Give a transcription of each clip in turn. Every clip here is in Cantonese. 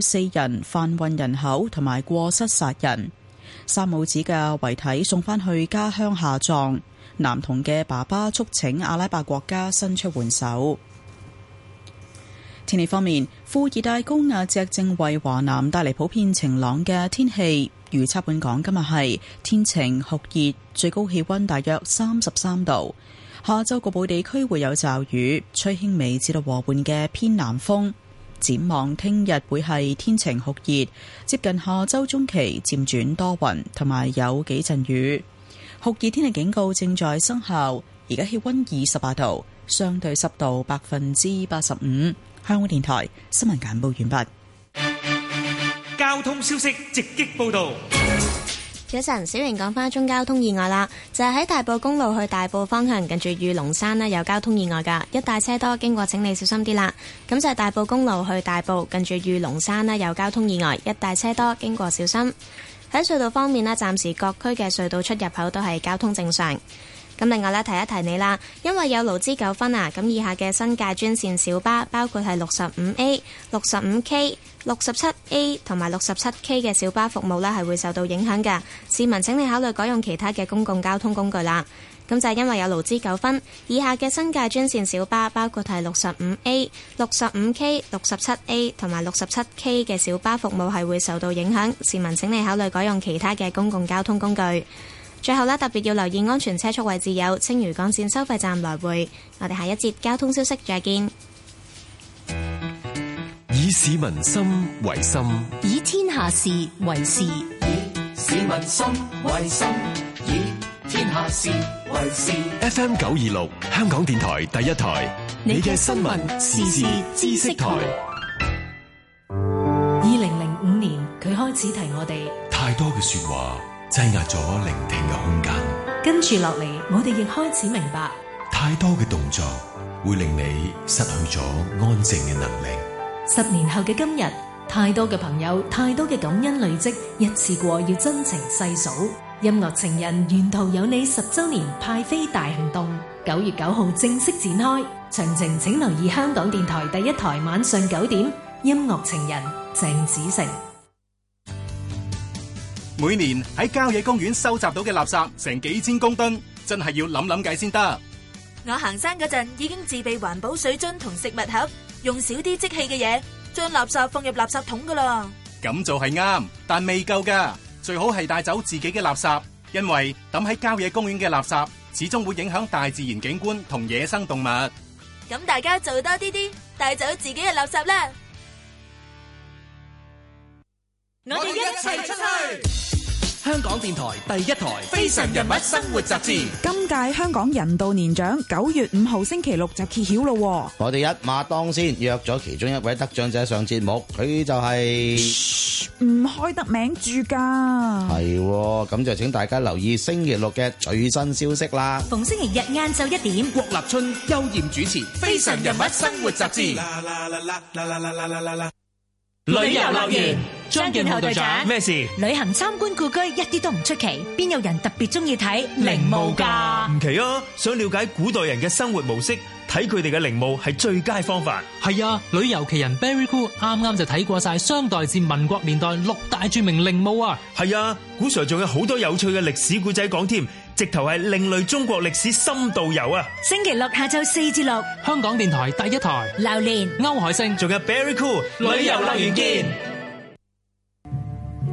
四人販運人口同埋過失殺人，三母子嘅遺體送返去家鄉下葬。男童嘅爸爸促請阿拉伯國家伸出援手。天氣方面，副熱帶高壓脊正為華南帶嚟普遍晴朗嘅天氣。預測本港今日係天晴酷熱，最高氣溫大約三十三度。下晝局部地區會有驟雨，吹輕微至到和緩嘅偏南風。展望聽日會係天晴酷熱，接近下周中期漸轉多雲，同埋有幾陣雨。酷熱天氣警告正在生效，而家氣溫二十八度，相對濕度百分之八十五。香港電台新聞簡報完畢。交通消息直擊報道。早晨，小明講返一宗交通意外啦，就係喺大埔公路去大埔方向，近住御龍山呢有交通意外噶，一帶車多，經過請你小心啲啦。咁就係大埔公路去大埔，近住御龍山呢有交通意外，一帶車多，經過小心。喺隧道方面呢，暫時各區嘅隧道出入口都係交通正常。咁另外呢，提一提你啦，因為有勞資糾紛啊，咁以下嘅新界專線小巴包括係六十五 A、六十五 K。六十七 A 同埋六十七 K 嘅小巴服務呢係會受到影響嘅，市民請你考慮改用其他嘅公共交通工具啦。咁就係因為有勞資糾紛，以下嘅新界專線小巴，包括係六十五 A、六十五 K、六十七 A 同埋六十七 K 嘅小巴服務係會受到影響，市民請你考慮改用其他嘅公共交通工具。最後呢，特別要留意安全車速位置，有青嶼幹線收費站來回。我哋下一節交通消息再見。嗯以市民心為心，以天下事為事。以市民心為心，以天下事為事。F M 九二六，香港電台第一台，你嘅新聞時事知識台。二零零五年，佢開始提我哋太多嘅說話，擠壓咗聆聽嘅空間。跟住落嚟，我哋亦開始明白，太多嘅動作，會令你失去咗安靜嘅能力。十年後嘅今日，太多嘅朋友，太多嘅感恩累積，一次過要真情細數。音樂情人沿途有你十周年派飛大行動，九月九號正式展開。詳情請留意香港電台第一台晚上九點《音樂情人》鄭子誠。每年喺郊野公園收集到嘅垃圾成幾千公噸，真係要諗諗計先得。我行山嗰陣已經自備環保水樽同食物盒。用少啲即棄嘅嘢，將垃圾放入垃圾桶噶啦。咁就係啱，但未夠噶，最好係帶走自己嘅垃圾，因為抌喺郊野公園嘅垃圾，始終會影響大自然景觀同野生動物。咁大家做多啲啲，帶走自己嘅垃圾啦。我哋一齊出去。香港電台第一台《非常人物生活雜誌》今屆香港人道年獎九月五號星期六就揭曉咯，我哋一馬當先約咗其中一位得獎者上節目，佢就係、是、唔開得名住噶，係咁就請大家留意星期六嘅最新消息啦。逢星期日晏晝一點，郭立春、邱艷主持《非常人物生活雜誌》留留言。啦啦啦啦啦啦啦啦啦，旅遊撈錢。張建豪隊長，咩事？旅行參觀故居一啲都唔出奇，邊有人特別中意睇陵墓噶？唔奇啊，想了解古代人嘅生活模式，睇佢哋嘅陵墓係最佳方法。係啊，旅遊奇人 Berry Cool 啱啱就睇過晒商代至民國年代六大著名陵墓啊！係啊，古 Sir 仲有好多有趣嘅歷史故仔講添，直頭係另類中國歷史深度遊啊！星期六下晝四至六，香港電台第一台，榴槤、歐海星，仲有 Berry Cool 旅遊樂園見。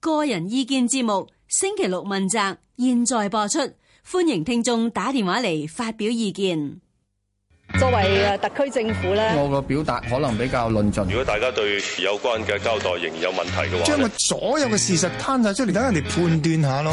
個人意見節目星期六問責，現在播出，歡迎聽眾打電話嚟發表意見。作為特區政府呢，我個表達可能比較論盡。如果大家對有關嘅交代仍然有問題嘅話，將個所有嘅事實攤晒出嚟，等人哋判斷下咯。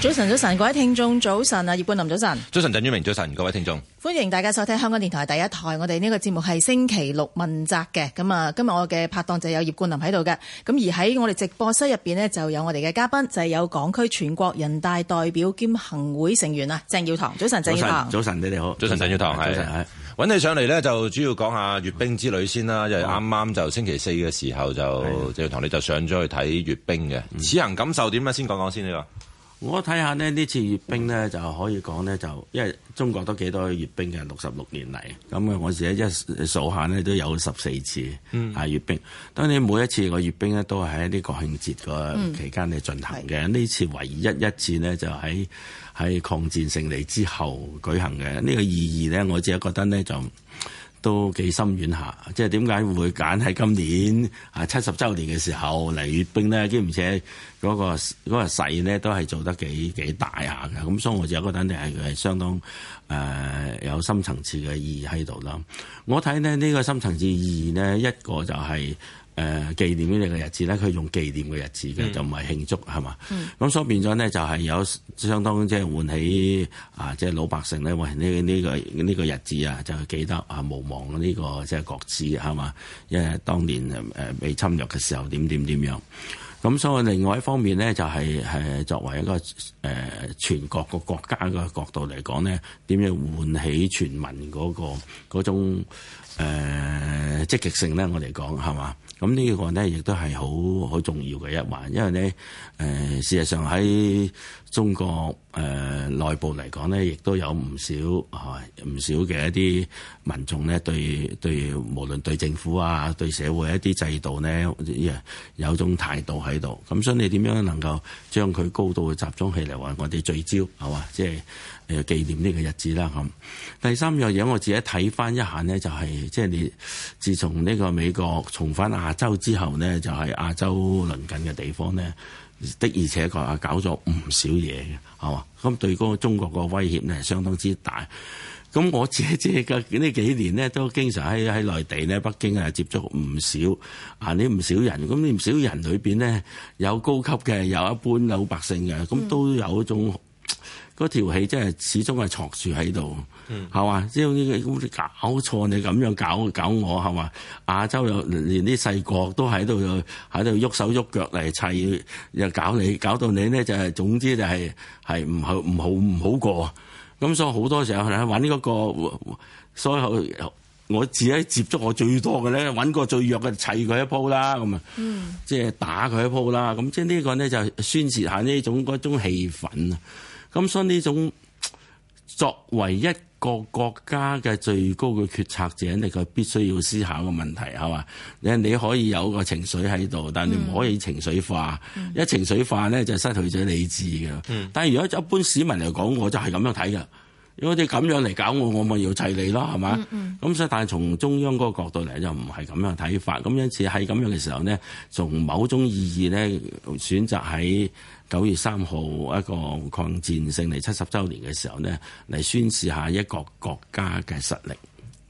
早晨，早晨，各位聽眾，早晨啊。葉冠霖，早晨，早晨，鄭婉薇，早晨，各位聽眾，歡迎大家收聽香港電台第一台。我哋呢個節目係星期六問責嘅咁啊。今日我嘅拍檔就有葉冠霖喺度嘅咁，而喺我哋直播室入邊呢就有我哋嘅嘉賓就係有港區全國人大代表兼行會成員啊，鄭耀棠。早晨，鄭耀棠，早晨，你好，早晨，鄭耀棠，係，係，揾你上嚟呢就主要講下閱兵之旅先啦。因為啱啱就星期四嘅時候就鄭耀棠你就上咗去睇閱兵嘅，此行感受點樣先講講先呢個。我睇下咧，呢次閱兵咧就可以講咧，就因為中國都幾多閱兵嘅，六十六年嚟，咁啊，我自己一數一下咧都有十四次嚇閱兵。嗯、當然每一次個閱兵咧都係喺呢國慶節個期間嚟進行嘅。呢、嗯、次唯一一次咧就喺喺抗戰勝利之後舉行嘅。呢、呢個意義咧，我自己覺得咧就。都幾深遠下，即係點解會揀喺今年啊七十週年嘅時候嚟閲兵呢？兼且嗰個嗰、嗰個勢呢都係做得幾幾大下嘅，咁所以我覺得肯定係係相當誒、呃、有深層次嘅意義喺度啦。我睇咧呢、呢個深層次意義呢，一個就係、係。誒、呃、紀念呢個日子咧，佢用紀念嘅日子嘅，就唔係慶祝係嘛。咁所以變咗咧，就係有相當即係喚起啊，即係老百姓咧，喂呢呢個呢、這個日子啊，就係記得啊無忘呢個即係國恥係嘛。因為當年誒被、呃、侵略嘅時候點點點樣。咁所以另外一方面咧，就係、是、誒作為一個誒、呃、全國個國家嘅角度嚟講咧，點樣喚起全民嗰、那個嗰種誒、呃呃、積，積極性咧？我哋講係嘛？咁呢個咧，亦都係好好重要嘅一環，因為咧。誒，事實上喺中國誒內、呃、部嚟講咧，亦都有唔少係唔少嘅一啲民眾咧，對對，無論對政府啊，對社會一啲制度咧，有有種態度喺度。咁、嗯、所以你點樣能夠將佢高度嘅集中起嚟，話我哋聚焦係嘛，即係誒紀念呢個日子啦。咁、嗯、第三樣嘢，我自己睇翻一下呢就係即係你自從呢個美國重返亞洲之後呢就係、是、亞洲鄰近嘅地方呢。的而且確啊，搞咗唔少嘢嘅，係嘛？咁對嗰中國個威脅咧，相當之大。咁我自己呢幾年咧，都經常喺喺內地咧，北京啊接觸唔少啊，啲唔少人。咁你唔少人裏邊咧，有高級嘅，有一般老百姓嘅，咁都有一種嗰條氣，真係、嗯、始終係戳住喺度。嗯，係嘛？即係呢個咁你搞錯，你咁樣搞搞我係嘛？亞洲又連啲細國都喺度喺度喐手喐腳嚟砌，又搞你，搞到你咧就係、係、總之就係係唔好唔好唔好過。咁所以好多時候揾呢、啊呢個，所以我自己接觸我最多嘅咧，揾個最弱嘅砌佢一鋪啦，咁啊、嗯，即係打佢一鋪啦。咁即係呢個咧就宣泄下呢種嗰種氣氛啊。咁所以呢種。作為一個國家嘅最高嘅決策者，你佢必須要思考嘅問題，係嘛？你你可以有個情緒喺度，但係你唔可以情緒化。嗯、一情緒化咧，就係、是、失去咗理智嘅。嗯、但係如果一般市民嚟講，我就係咁樣睇㗎，如果你咁樣嚟搞我，我我咪要砌你咯，係嘛？咁所以，嗯、但係從中央嗰個角度嚟，就唔係咁樣睇法。咁因此喺咁樣嘅時候咧，從某種意義咧，選擇喺。九月三號一個抗戰勝利七十週年嘅時候咧，嚟宣示一下一個國家嘅實力，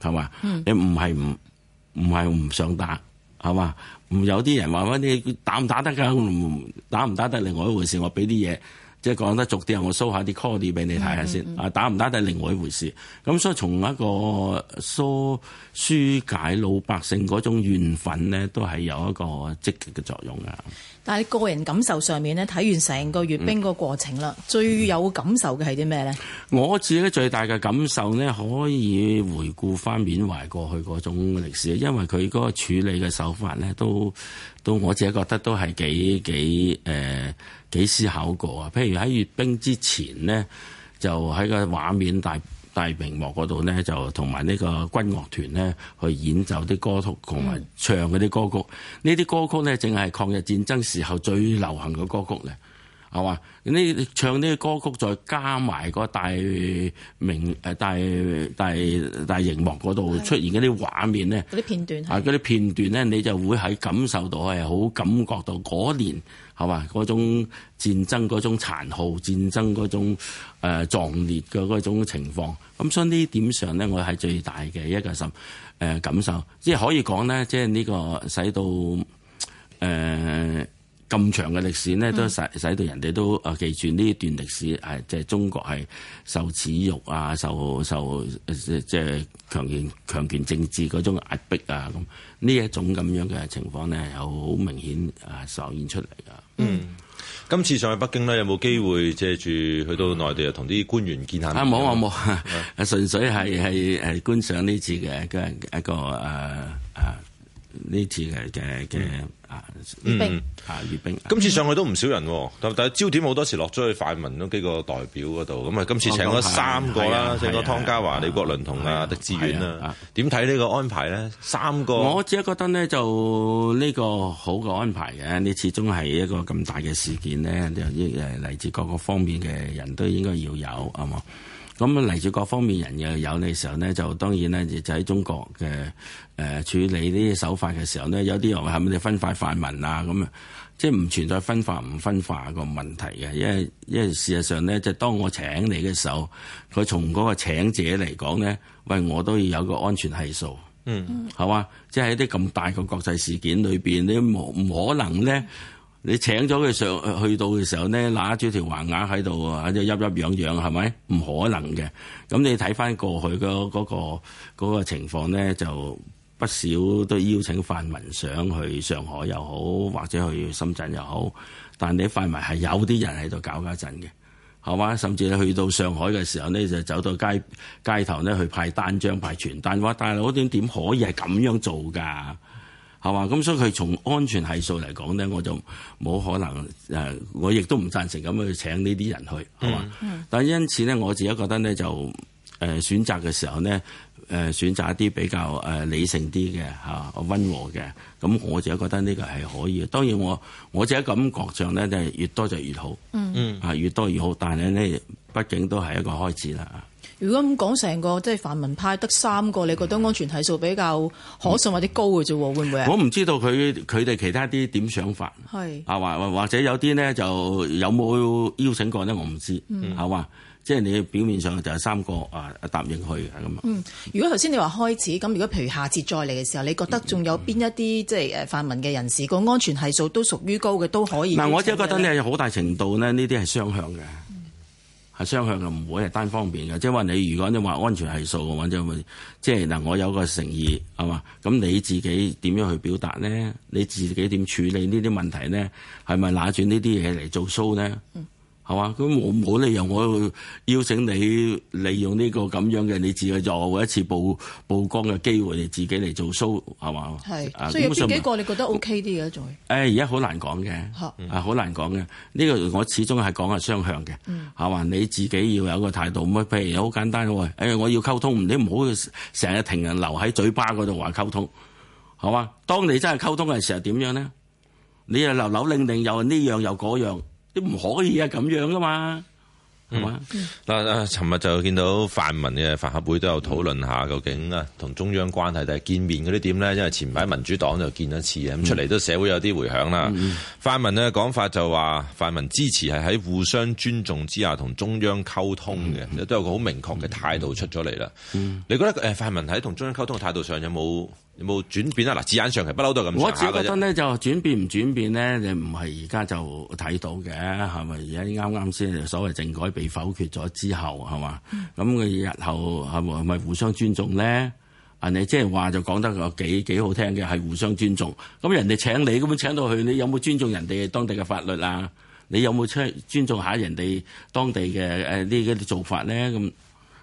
係嘛？ 你唔係唔唔係唔想打，係嘛？唔有啲人話翻你打唔打得㗎？打唔打得另外一回事，我俾啲嘢。即係講得俗啲，我 show 下啲 code 啲俾你睇下先。啊、嗯，嗯、打唔打都係另外一回事。咁所以從一個疏疏解老百姓嗰種怨憤呢，都係有一個積極嘅作用嘅。但係個人感受上面呢，睇完成個閱兵個過程啦，嗯、最有感受嘅係啲咩呢？我自己最大嘅感受呢，可以回顧翻緬懷過去嗰種歷史，因為佢嗰個處理嘅手法呢都。都我自己覺得都係幾幾誒幾思考過啊！譬如喺閱兵之前咧，就喺個畫面大大屏幕嗰度咧，就同埋呢個軍樂團咧去演奏啲歌，歌曲，同埋唱嗰啲歌曲。呢啲歌曲咧，正係抗日戰爭時候最流行嘅歌曲咧。係嘛？你唱呢啲歌曲，再加埋個大明誒大大大熒幕嗰度出現嗰啲畫面咧，嗰啲片段啊，嗰啲片段咧，你就會喺感受到係好感覺到嗰年係嘛，嗰種戰爭，嗰種殘酷戰爭，嗰種誒、呃、壯烈嘅嗰種情況。咁所以呢點上咧，我係最大嘅一個心誒感受，即、呃、係可以講咧，即係呢個使到誒。呃咁長嘅歷史呢，都使使到人哋都啊記住呢段歷史，係即係中國係受恥辱啊，受受，受即係強權強權政治嗰種壓迫這種這啊，咁呢一種咁樣嘅情況呢，又好明顯啊呈現出嚟噶。嗯，今次上去北京呢，有冇機會借住去到內地啊，同啲官員見下？啊冇啊冇，純、啊、 粹係係係觀賞呢次嘅一個一個、啊啊啊呢次嘅嘅嘅啊，嗯啊，閱兵，今次上去都唔少人，同但係焦點好多時落咗去泛民嗰幾個代表嗰度，咁啊今次請咗三個啦，嗯啊啊、請咗湯家驊、李國麟同啊狄志遠啦，點睇呢個安排咧？三個，我只係覺得呢就呢個好嘅安排嘅，呢始終係一個咁大嘅事件咧，就誒嚟自各個方面嘅人都應該要有啊嘛。咁嚟自各方面人又有嘅時候咧，就當然咧，就喺中國嘅誒、呃、處理呢啲手法嘅時候咧，有啲人係咪分化泛民啊咁啊？即係唔存在分化唔分化個問題嘅，因為因為事實上咧，即係當我請你嘅時候，佢從嗰個請者嚟講咧，喂，我都要有個安全係數，嗯，係嘛？即係喺啲咁大嘅國際事件裏邊，你冇唔可能咧。你請咗佢上去到嘅時候咧，拿住條橫額喺度喺度鬱鬱攘攘，係咪？唔可能嘅。咁你睇返過去嘅嗰、嗰個嗰個嗰個情況咧，就不少都邀請泛民上去上海又好，或者去深圳又好。但係你泛民係有啲人喺度搞搞震嘅，係嘛？甚至你去到上海嘅時候咧，就走到街街頭咧去派單張、派傳單，哇！大佬，嗰啲點可以係咁樣做㗎？咁所以佢從安全係數嚟講咧，我就冇可能誒，我亦都唔贊成咁去請呢啲人去，係嘛？嗯嗯、但因此咧，我自己覺得咧就誒、呃、選擇嘅時候咧誒、呃、選擇一啲比較誒理性啲嘅嚇，溫和嘅咁，我自己覺得呢個係可以。當然我我自己感覺上咧就係越多就越好，嗯嗯啊越多越好，但係咧畢竟都係一個開始啦。如果咁講，成個即係泛民派得三個，你覺得安全係數比較可信或者高嘅啫，會唔會啊？我唔知道佢佢哋其他啲點想法，係啊是，或或者有啲呢，就有冇邀請過呢？我唔知，係嘛、嗯？即係、就是、你表面上就係三個啊，答應去。咁啊、嗯。如果頭先你話開始咁，如果譬如下次再嚟嘅時候，你覺得仲有邊一啲即係誒泛民嘅人士個、嗯嗯、安全係數都屬於高嘅都可以。嗱、嗯，我只係覺得咧，好大程度呢，呢啲係雙向嘅。係雙向嘅，唔會係單方面嘅。即係話你，如果你話安全係數嘅話，就會即係嗱，我有個誠意係嘛，咁你自己點樣去表達咧？你自己點處理呢啲問題咧？係咪拿住呢啲嘢嚟做 show 咧？嗯係嘛？咁我冇理由我邀請你利用呢個咁樣嘅，你自己再搵一次曝曝光嘅機會，你自己嚟做 show，係嘛？係，所以有幾個你覺得 O K 啲嘅仲？誒、嗯，而家好難講嘅，嚇，好難講嘅。呢、這個我始終係講係雙向嘅，嚇嘛？你自己要有個態度。咁啊，譬如好簡單喎，誒，我要溝通，你唔好成日停人留喺嘴巴嗰度話溝通，係嘛？當你真係溝通嘅時候點樣咧？你又扭扭擰擰，又呢樣又嗰樣。唔可以啊！咁樣噶嘛，係嘛、嗯？嗱吧，尋日、嗯、就見到泛民嘅飯盒會都有討論下，究竟啊同中央關係定係見面嗰啲點咧？因為前排民主黨就見一次啊，咁出嚟都社會有啲回響啦。嗯、泛民嘅講法就話，泛民支持係喺互相尊重之下同中央溝通嘅，都、嗯、有個好明確嘅態度出咗嚟啦。嗯、你覺得誒、呃，泛民喺同中央溝通嘅態度上有冇？有冇轉變啊？嗱，字眼上係不嬲都係咁上下嘅。我只覺得咧就轉變唔轉變咧，你唔係而家就睇到嘅，係咪？而家啱啱先，所謂政改被否決咗之後，係嘛？咁佢、嗯、日後係咪互相尊重咧？啊，你即係話就講得個幾好聽嘅，係互相尊重。咁人哋請你咁樣請到去，你有冇尊重人哋當地嘅法律啊？你有冇出尊重下人哋當地嘅誒啲啲做法咧？咁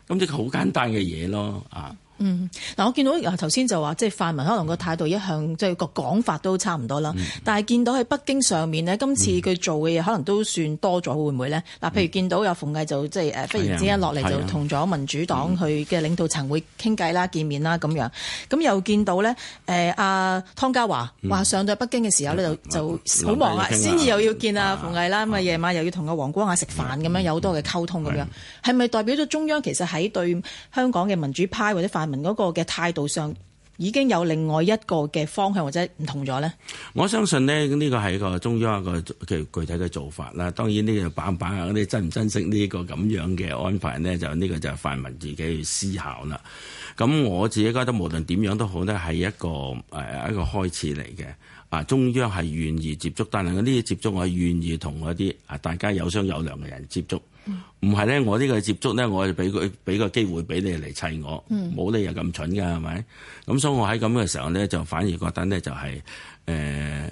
咁即係好簡單嘅嘢咯，啊、嗯！嗯，嗱，我見到頭先就話，即係泛民可能個態度一向即係、就是、個講法都差唔多啦，嗯、但係見到喺北京上面咧，今次佢做嘅嘢可能都算多咗，會唔會咧？嗱，譬如見到有馮巍就即係誒忽然之間落嚟就同咗民主黨去嘅領導層會傾偈啦、見面啦咁樣。咁又見到咧誒阿湯家驊話上到北京嘅時候咧就就好忙啊，先至又要見阿馮巍啦，咁啊夜晚又要同阿王光亞食飯，咁樣有好多嘅溝通咁樣，係咪代表咗中央其實喺對香港嘅民主派或者民嗰個嘅態度上已經有另外一個嘅方向或者唔同咗咧。我相信咧呢個係一個中央一個具體嘅做法啦。當然呢個版版嗰啲珍唔珍惜呢個咁樣嘅安排呢？就呢個就係泛民自己去思考啦。咁我自己覺得無論點樣都好呢係一個誒一個開始嚟嘅。啊，中央係願意接觸，但係呢啲接觸我係願意同嗰啲啊大家有商有量嘅人接觸。唔係咧，我呢個接觸咧，我就俾佢俾個機會俾你嚟砌我，冇理由咁蠢噶，係咪？咁所以我喺咁嘅時候咧，就反而覺得咧就係，誒，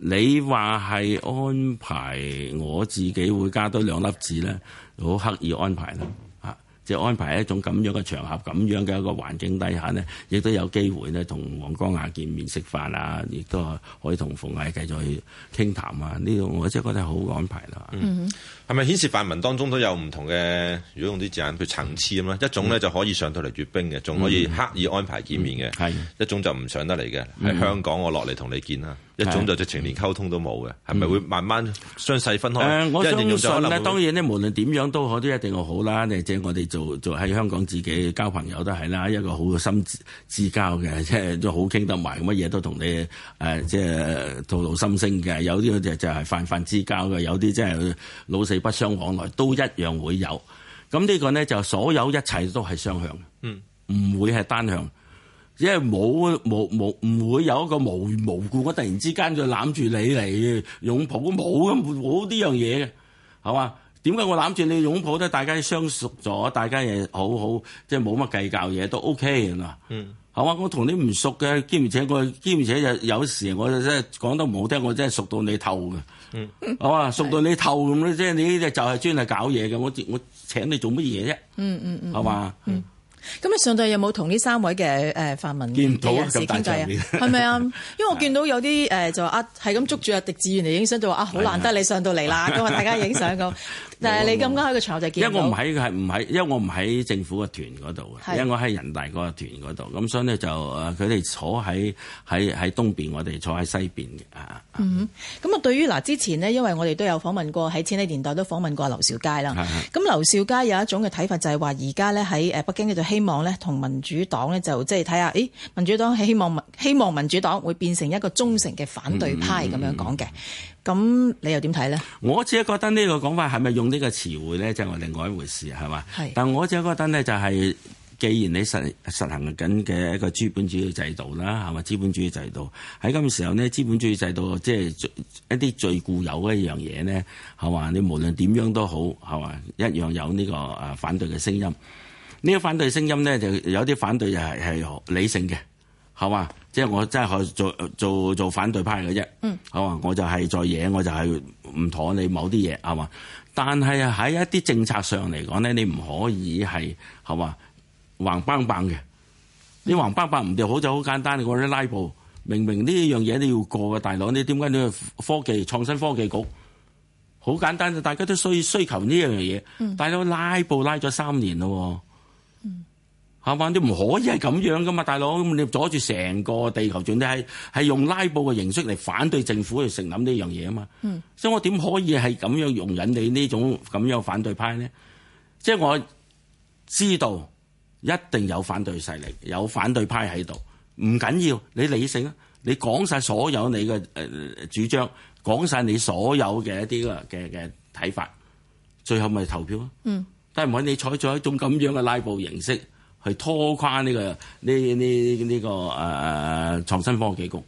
你話係安排我自己會加多兩粒字咧，好刻意安排啦，啊，即係安排一種咁樣嘅場合，咁樣嘅一個環境底下呢，亦都有機會咧，同黃光亞見面食飯啊，亦都可以同馮毅繼續去傾談啊，呢個我真係覺得好安排啦。係咪顯示泛民當中都有唔同嘅？如果用啲字眼，譬如層次咁啦，一種呢就可以上到嚟閲兵嘅，仲可以刻意安排見面嘅；嗯、一種就唔上得嚟嘅，喺、嗯、香港我落嚟同你見啦。一種就直情連溝通都冇嘅，係咪會慢慢相細分開，嗯呃？我相信咧，當然咧，無論點樣都好，都一定好啦。嚟，即係我哋做做喺香港自己交朋友都係啦，一個好心之交嘅，即係都好傾得埋，乜嘢都同你誒，即係吐露心聲嘅。有啲就就係泛泛之交嘅，有啲即係老死不相往來，都一樣會有。咁呢個呢，就所有一切都係雙向，嗯，唔會係單向。即係冇冇冇唔會有一個無緣無故我突然之間就攬住你嚟擁抱，冇嘅，冇呢樣嘢嘅，係嘛？點解我攬住你擁抱都大家相熟咗，大家又好好，即係冇乜計較嘢都 OK 㗎，嗯，係嘛？我同你唔熟嘅兼且我兼且有時我就真係講得唔好聽，我真係熟到你透嘅，係嘛、嗯？熟到你透咁咧，即係的你呢啲就係專係搞嘢嘅，我我，我請你做乜嘢啫？嗯嗯嗯，係嘛？嗯。嗯嗯咁啊！你上到有冇同呢三位嘅誒泛民嘅人士傾偈啊？係咪啊？因為我見到有啲誒、呃、就、呃、啊，係咁捉住阿狄志遠嚟影相，就話啊，好難得你上到嚟啦，咁啊 大家影相咁。誒，但你咁啱喺個場合就見到因，因為我唔喺，係唔喺，因為我唔喺政府嘅團嗰度，因為我喺人大個團嗰度，咁所以呢，就誒，佢哋坐喺喺喺東邊，我哋坐喺西邊嘅啊。咁啊，對於嗱，之前呢，因為我哋都有訪問過喺千禧年代都訪問過劉兆佳啦。咁的劉兆佳有一種嘅睇法就係話，而家呢，喺誒北京咧就希望呢，同民主黨呢，就即係睇下，誒、哎、民主黨希望，希望民主黨會變成一個忠誠嘅反對派咁樣講嘅。嗯嗯嗯。咁你又點睇咧？我自己覺得呢個講法係咪用呢個詞彙咧，即係另外一回事，係嘛？係。但我自己覺得咧，就係既然你實實行緊嘅一個資本主義制度啦，係嘛？資本主義制度喺今時候咧，資本主義制度即係一啲最固有嘅一樣嘢咧，係嘛？你無論點樣都好，係嘛？一樣有呢個誒反對嘅聲音。呢個反對聲音咧，就有啲反對就係係理性嘅。係嘛？即係我真係做做做反對派嘅啫。嗯，好啊，我就係再嘢，我就係唔妥你某啲嘢，係嘛？但係喺一啲政策上嚟講咧，你唔可以係，係嘛，橫崩棒嘅。你橫崩棒唔掂，好就好簡單。你嗰啲拉布，明明呢樣嘢你要過嘅，大佬，你點解你去科技創新科技局好簡單？大家都需要需求呢樣嘢，大佬拉布拉咗三年咯。啊！反正唔可以係咁樣噶嘛，大佬，咁你阻住成個地球轉，你係係用拉布嘅形式嚟反對政府去承諗呢樣嘢啊嘛。所以我點可以係咁樣容忍你呢種咁樣反對派咧？即係我知道一定有反對勢力，有反對派喺度，唔緊要，你理性啊，你講晒所有你嘅誒主張，講晒你所有嘅一啲嘅嘅嘅睇法，最後咪投票啊。嗯，但係唔係你採取一種咁樣嘅拉布形式。去拖垮呢、呢個呢呢呢個誒誒、呢個呃、創新科技局，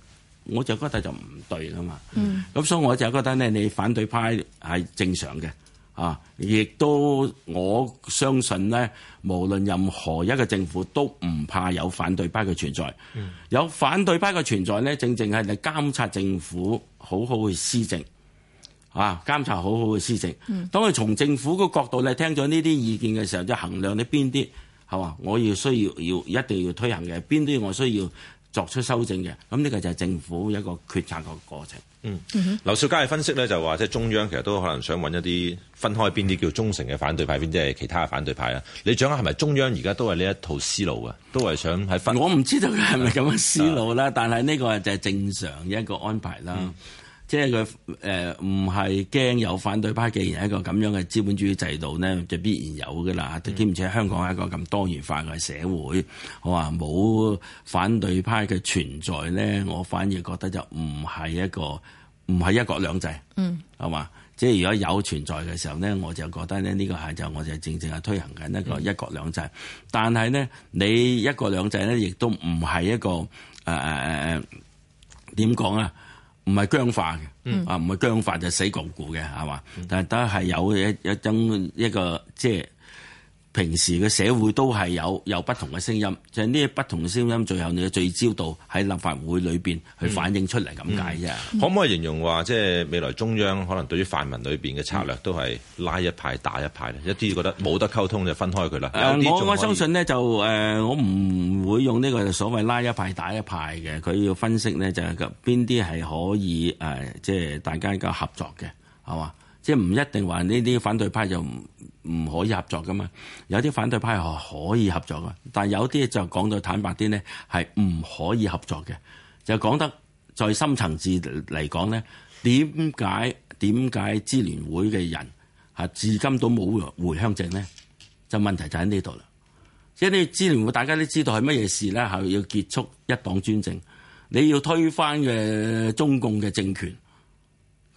我就覺得就唔對啦嘛。咁、mm. 所以我就覺得咧，你反對派係正常嘅啊，亦都我相信咧，無論任何一個政府都唔怕有反對派嘅存在。Mm. 有反對派嘅存在咧，正正係嚟監察政府好好嘅施政啊，監察好好嘅施政。Mm. 當佢從政府個角度咧聽咗呢啲意見嘅時候，就衡量你邊啲。係嘛、啊？我要需要要一定要推行嘅，邊啲我需要作出修正嘅，咁呢個就係政府一個決策個過程。嗯，劉兆佳嘅分析咧就話，即係中央其實都可能想揾一啲分開邊啲叫忠誠嘅反對派，邊啲係其他嘅反對派啦。你掌握係咪中央而家都係呢一套思路嘅，都係想喺分？我唔知道佢係咪咁樣思路啦，嗯、但係呢個就係正常嘅一個安排啦。嗯即係佢誒唔係驚有反對派，既然係一個咁樣嘅資本主義制度咧，就必然有㗎喇。兼且、嗯、香港係一個咁多元化嘅社會，我話冇反對派嘅存在咧，我反而覺得就唔係一個唔係一國兩制。嗯，係嘛？即係如果有存在嘅時候咧，我就覺得咧呢、這個係就我就正正係推行緊一個一國兩制。嗯、但係咧，你一國兩制咧，亦都唔係一個誒誒誒點講啊？呃呃唔係僵化嘅，啊唔係僵化就死固固嘅，係嘛？但係都係有一一種一,一個即平時嘅社會都係有有不同嘅聲音，就係呢啲不同嘅聲音，最後你嘅聚焦到喺立法會裏邊去反映出嚟咁解啫。嗯嗯、可唔可以形容話，即係未來中央可能對於泛民裏邊嘅策略都係拉一派打一派咧？嗯、一啲覺得冇得溝通就分開佢啦、嗯呃。我我相信呢，就誒、呃，我唔會用呢個所謂拉一派打一派嘅，佢要分析呢，就係邊啲係可以誒、呃呃，即係大家而家合作嘅，係嘛？即係唔一定話呢啲反對派就唔唔可以合作噶嘛，有啲反對派係可以合作噶，但係有啲就講到坦白啲咧，係唔可以合作嘅。就講得再深層次嚟講咧，點解點解支聯會嘅人係至今都冇回鄉證咧？就問題就喺呢度啦。即係呢支聯會大家都知道係乜嘢事啦，係要結束一黨專政，你要推翻嘅中共嘅政權。佢咁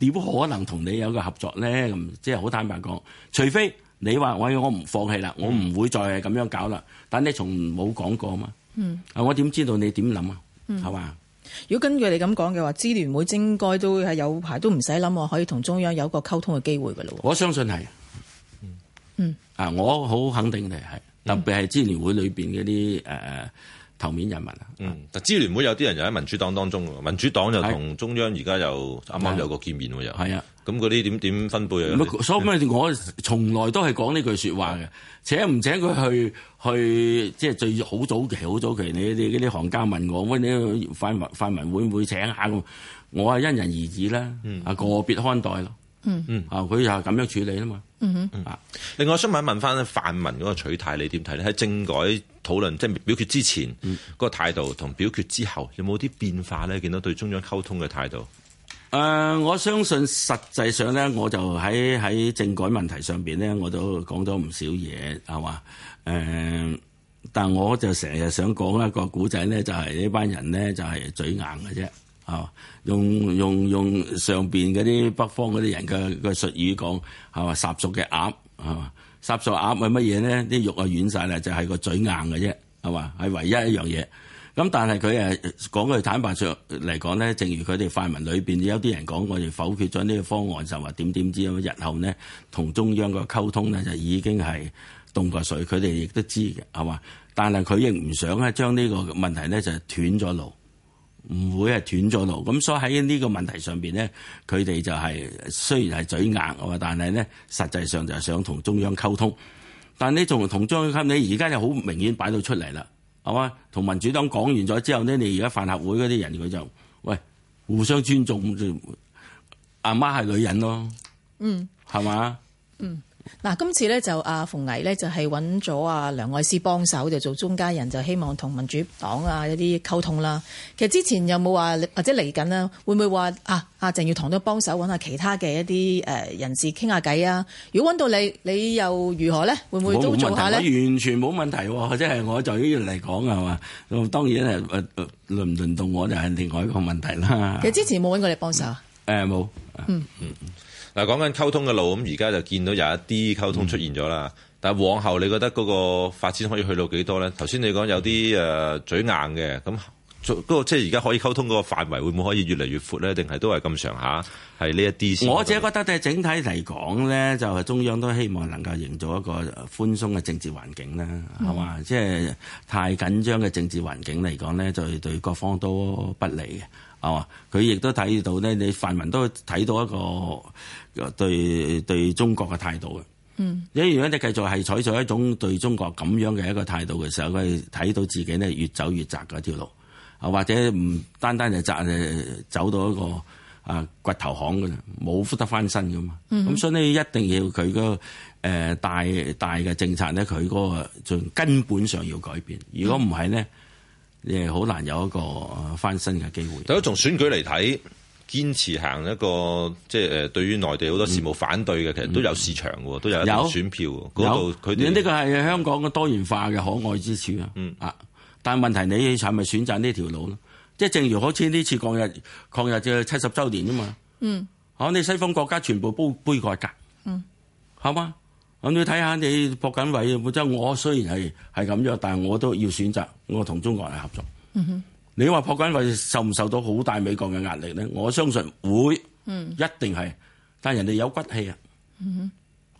點可能同你有一個合作咧？咁即係好坦白講，除非你話喂我唔放棄啦，我唔會再係咁樣搞啦。但你從冇講過嘛？嗯，啊，我點知道你點諗啊？嗯，係嘛？如果根據你咁講嘅話，支聯會應該都係有排都唔使諗，我可以同中央有一個溝通嘅機會嘅咯。我相信係，嗯，啊，我好肯定嘅係，特別係支聯會裏邊嗰啲誒。呃頭面人物啊，嗯，嗱，支聯會有啲人又喺民主黨當中，民主黨又同中央而家又啱啱有個見面喎，又係啊，咁嗰啲點點分配啊？所以我從來都係講呢句説話嘅，請唔請佢去去，即係最好早期、好早期，你你啲行家問我，喂，你泛民泛民會唔會請下？我係因人而異啦，啊、嗯，個別看待咯，嗯嗯，啊，佢又咁樣處理啦嘛，啊、嗯嗯嗯，另外我想問一問翻咧泛民嗰個取態，你點睇咧？喺政改討論即係表決之前嗰個態度同表決之後有冇啲變化咧？見到對中央溝通嘅態度，誒、呃，我相信實際上咧，我就喺喺政改問題上邊咧，我都講咗唔少嘢，係嘛誒？但我就成日想講一個古仔咧，就係呢班人咧就係嘴硬嘅啫，係用用用上邊嗰啲北方嗰啲人嘅嘅術語講係嘛？煮熟嘅鴨，係嘛？霎傻鴨係乜嘢咧？啲肉啊軟晒啦，就係個嘴硬嘅啫，係嘛？係唯一一樣嘢。咁但係佢誒講句坦白上嚟講咧，正如佢哋泛民裏邊有啲人講，我哋否決咗呢個方案就話點點知咁，日後呢，同中央個溝通咧就已經係凍過水，佢哋亦都知嘅，係嘛？但係佢亦唔想咧將呢個問題咧就斷咗路。唔會係斷咗路，咁所以喺呢個問題上邊咧，佢哋就係、是、雖然係嘴硬啊，但係咧實際上就係想同中央溝通。但係你仲同中央級咧，而家就好明顯擺到出嚟啦，係嘛？同民主黨講完咗之後咧，你而家飯盒會嗰啲人佢就，喂，互相尊重，阿媽係女人咯，嗯，係嘛吧？嗯。嗱，今次咧就阿馮毅呢，就係揾咗阿梁愛詩幫手，就做中間人，就希望同民主黨啊一啲溝通啦。其實之前有冇話或者嚟緊啦，會唔會話啊啊鄭耀棠都幫手揾下其他嘅一啲誒人士傾下偈啊？如果揾到你，你又如何呢？會唔會都做下呢？下咧？冇完全冇問題，即係我就依樣嚟講啊嘛。當然係誒誒，輪唔輪到我就係另外一個問題啦。其實之前冇揾過你幫手啊？誒，冇。嗯嗯。呃嗱，講緊溝通嘅路，咁而家就見到有一啲溝通出現咗啦。嗯、但係往後你覺得嗰個發展可以去到幾多咧？頭先你講有啲誒嘴硬嘅，咁嗰、嗯、即係而家可以溝通嗰個範圍會唔會可以越嚟越闊咧？定係都係咁上下係呢一啲先？啊、我自己覺得咧，對整體嚟講咧，就係、是、中央都希望能夠營造一個寬鬆嘅政治環境啦，係嘛？嗯、即係太緊張嘅政治環境嚟講咧，就係、是、對各方都不利嘅，係嘛？佢亦都睇到咧，你泛民都睇到一個對對中國嘅態度嘅，嗯，因為如果你繼續係採取一種對中國咁樣嘅一個態度嘅時候，佢睇到自己咧越走越窄嘅一條路，啊，或者唔單單係窄，誒，走到一個啊掘頭巷噶冇得翻身噶嘛，咁、嗯、哼所以呢，一定要佢、那個誒、呃、大大嘅政策咧，佢嗰、那個從根本上要改變，如果唔係呢，嗯、你係好難有一個翻身嘅機會。第一從、嗯、選舉嚟睇。堅持行一個即係誒，對於內地好多事務反對嘅，其實都有市場嘅，都有有一定選票。嗰度佢哋，呢個係香港嘅多元化嘅可愛之處啊！啊、嗯，但係問題係你係咪選擇呢條路咧？即係正如好似呢次抗日抗日嘅七十週年啫嘛。嗯，啊，你西方國家全部杯杯葛噶。嗯，好嘛？咁你睇下，你朴槿惠。即係我雖然係係咁樣，但係我都要選擇我同中國人合作。嗯哼。你話破軍會受唔受到好大美國嘅壓力咧？我相信會，一定係。但係人哋有骨氣啊，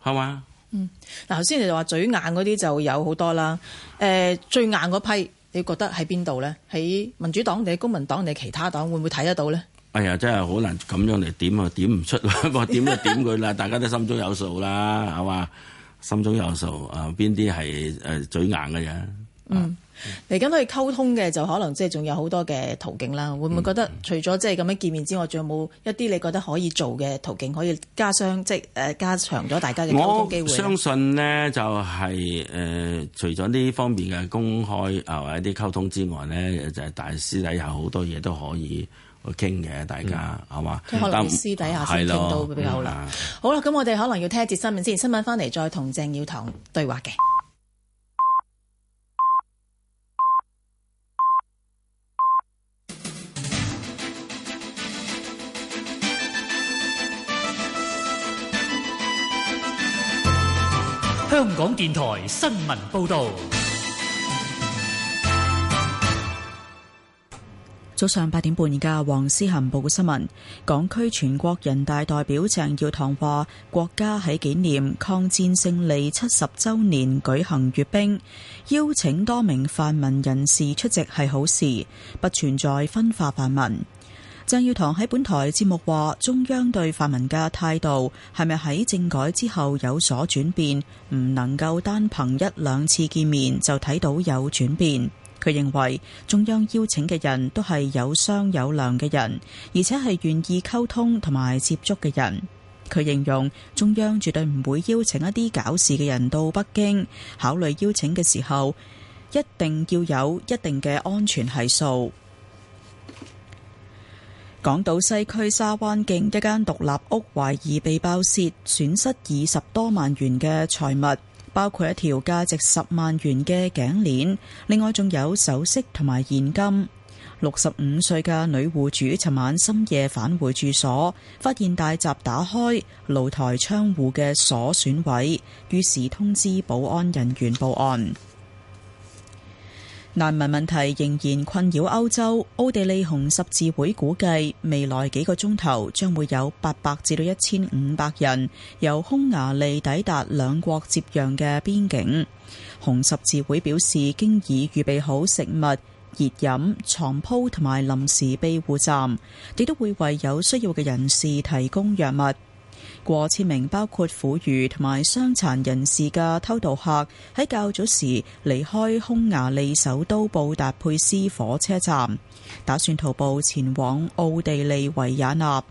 係嘛，嗯哼？吧嗯，嗱，頭先你就話嘴硬嗰啲就有好多啦。誒，呃，最硬嗰批你覺得喺邊度咧？喺民主黨定公民黨定其他黨會唔會睇得到咧？哎呀，真係好難咁樣嚟，點啊，點唔出，話 點就點佢啦。 大家都心中有數啦，係嘛？心中有數啊，邊啲係誒嘴硬嘅人？嗯，嚟緊去溝通嘅就可能即係仲有好多嘅途徑啦。會唔會覺得除咗即係咁樣見面之外，仲有冇一啲你覺得可以做嘅途徑，可以加商即係誒，加長咗大家嘅溝通機會？相信呢就係、是、誒、呃，除咗呢方面嘅公開啊或者啲溝通之外呢，就係大私底下好多嘢都可以去傾嘅，大家係嘛？嗯、吧可能私底下先傾到比較好啦。好啦，咁我哋可能要聽一節新聞先，新聞翻嚟再同鄭耀棠對話嘅。香港電台新聞報道：早上八點半嘅，黃思恆報告新聞。港區全國人大代表鄭耀棠話，國家喺紀念抗戰勝利七十周年舉行閱兵，邀請多名泛民人士出席係好事，不存在分化泛民。鄭耀棠喺本台節目話：中央對泛民嘅態度係咪喺政改之後有所轉變？唔能夠單憑一兩次見面就睇到有轉變。佢認為中央邀請嘅人都係有商有量嘅人，而且係願意溝通同埋接觸嘅人。佢形容中央絕對唔會邀請一啲搞事嘅人到北京。考慮邀請嘅時候，一定要有一定嘅安全系數。港島西區沙灣徑一間獨立屋懷疑被爆竊，損失二十多萬元嘅財物，包括一條價值十萬元嘅頸鏈，另外仲有首飾同埋現金。六十五歲嘅女戶主尋晚深夜返回住所，發現大閘打開，露台窗戶嘅鎖損毀，於是通知保安人員報案。難民問題仍然困擾歐洲。奧地利紅十字會估計，未來幾個鐘頭將會有八百至到一千五百人由匈牙利抵達兩國接壤嘅邊境。紅十字會表示，經已預備好食物、熱飲、床鋪同埋臨時庇護站，亦都會為有需要嘅人士提供藥物。過千名包括婦孺同埋傷殘人士嘅偷渡客喺較早時離開匈牙利首都布達佩斯火車站，打算徒步前往奧地利維也納。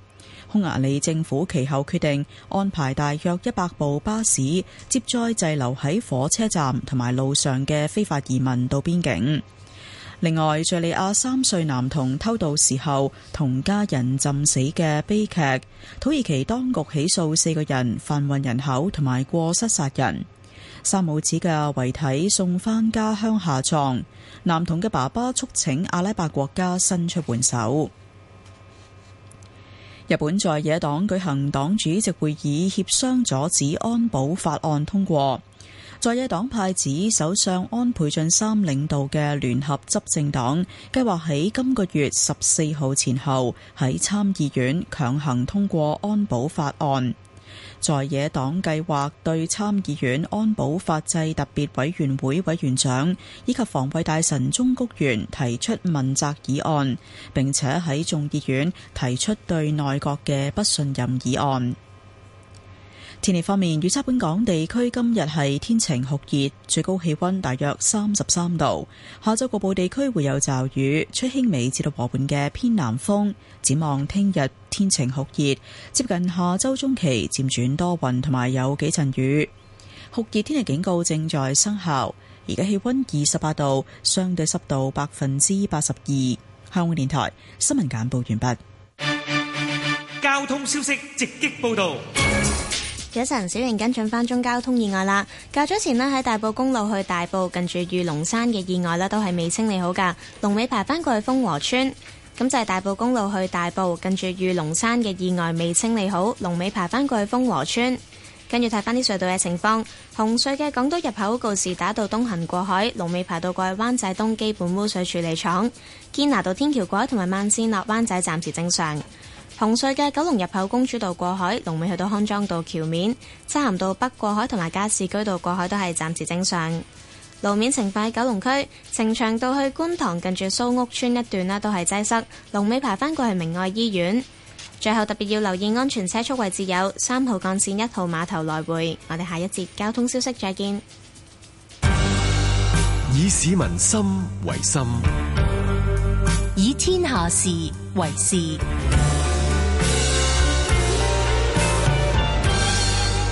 匈牙利政府其後決定安排大約一百部巴士接載滯留喺火車站同埋路上嘅非法移民到邊境。另外，敘利亞三歲男童偷渡時候同家人浸死嘅悲劇，土耳其當局，起訴四個人販運人口同埋過失殺人。三母子嘅遺體送返家鄉下葬，男童嘅爸爸促請阿拉伯國家伸出援手。日本在野黨舉行黨主席會議，協商阻止安保法案通過。在野黨派指，首相安倍晉三領導嘅聯合執政黨計劃喺今個月十四號前後喺參議院強行通過安保法案。在野黨計劃對參議院安保法制特別委員會委員長以及防衛大臣中谷元提出問責議案，並且喺眾議院提出對內閣嘅不信任議案。天氣方面，預測本港地區今日係天晴酷熱，最高氣溫大約三十三度。下周局部地區會有驟雨，吹輕微至到和緩嘅偏南風。展望聽日天晴酷熱，接近下周中期漸轉多雲同埋有幾陣雨。酷熱天氣警告正在生效，而家氣溫二十八度，相對濕度百分之八十二。香港電台新聞簡報完畢。交通消息直擊報道。早晨，小玲跟進返中交通意外啦。較早前咧喺大埔公路去大埔近住御龍山嘅意外咧都係未清理好㗎，龍尾排返過去豐和村。咁就係大埔公路去大埔近住御龍山嘅意外未清理好，龍尾排返過去豐和村。跟住睇翻啲隧道嘅情況，紅隧嘅港島入口告士打道東行過海，龍尾排到過去灣仔東基本污水處理廠。堅拿道天橋過同埋慢線落灣仔暫時正常。紅隧嘅九龍入口公主道過海，龍尾去到康莊道橋面，漆咸道北過海同埋加士居道過海都係暫時正常。路面情況喺九龍區，呈祥道去觀塘近住蘇屋村一段啦，都係擠塞，龍尾排翻過去明愛醫院。最後特別要留意安全車速位置有三號幹線一號碼頭來回。我哋下一節交通消息再見。以市民心為心，以天下事為事。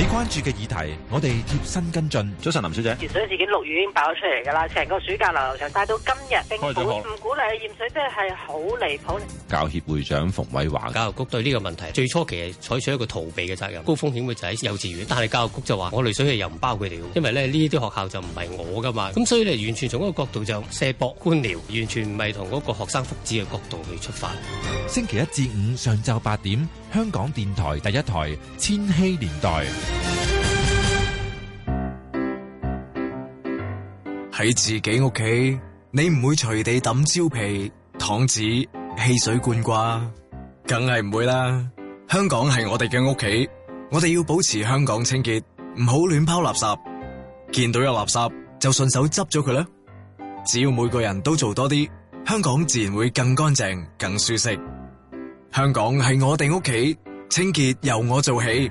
你關注嘅議題，我哋貼身跟進。早晨，林小姐。鉛水事件六月已經爆咗出嚟噶啦，成個暑假流流長，但到今日，並鼓唔鼓勵驗水真，真係好離譜。教協會長馮偉華，教育局對呢個問題最初期係採取一個逃避嘅責任，高風險嘅就喺幼稚園，但係教育局就話我驗水嘅又唔包佢哋，因為咧呢啲學校就唔係我噶嘛，咁所以咧完全從一個角度就卸膊官僚，完全唔係同嗰個學生福祉嘅角度去出發。星期一至五上晝八點，香港電台第一台千禧年代。喺自己屋企，你唔會隨地抌蕉皮、糖紙、汽水罐啩？梗係唔會啦！香港係我哋嘅屋企，我哋要保持香港清潔，唔好亂拋垃圾。見到有垃圾，就順手執咗佢啦。只要每個人都做多啲，香港自然會更乾淨、更舒適。香港係我哋屋企，清潔由我做起。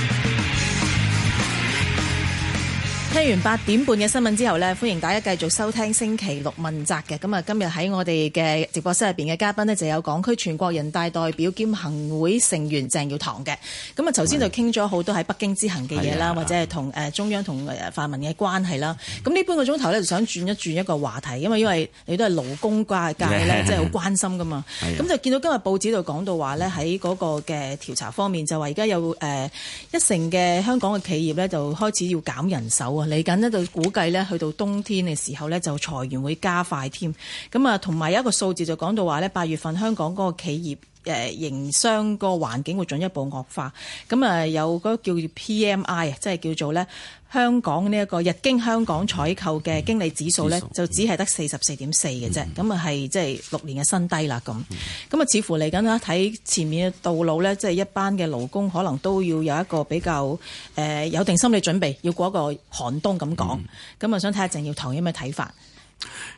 聽完八點半嘅新聞之後咧，歡迎大家繼續收聽星期六問責嘅。咁啊，今日喺我哋嘅直播室入邊嘅嘉賓咧，就有港區全國人大代表兼行會成員鄭耀棠嘅。咁啊，頭先就傾咗好多喺北京之行嘅嘢啦或者係同誒中央同誒泛民嘅關係啦。咁呢半個鐘頭咧，就想轉一轉一個話題，因為因為你都係勞工嗰界，咧即係好關心噶嘛。咁的就見到今日報紙度講到話咧，喺嗰個嘅調查方面，就話而家有誒一成嘅香港嘅企業咧，就開始要減人手。嚟緊、哦、呢，就估計呢，去到冬天嘅時候呢，就裁員會加快添。咁啊，同埋有一個數字就講到話呢，八月份香港嗰個企業誒、呃、營商個環境會進一步惡化。咁、嗯、啊、呃，有嗰個叫做 PMI 啊，即係叫做呢。香港呢一個日經香港採購嘅經理指數呢，嗯、數就只係得四十四點四嘅啫，咁啊係即係六年嘅新低啦咁。咁啊、嗯，似乎嚟緊啦，睇前面嘅道路呢，即、就、係、是、一班嘅勞工可能都要有一個比較誒、呃、有定心理準備，要過一個寒冬咁講。咁啊、嗯，想睇下鄭耀棠有咩睇法？呢、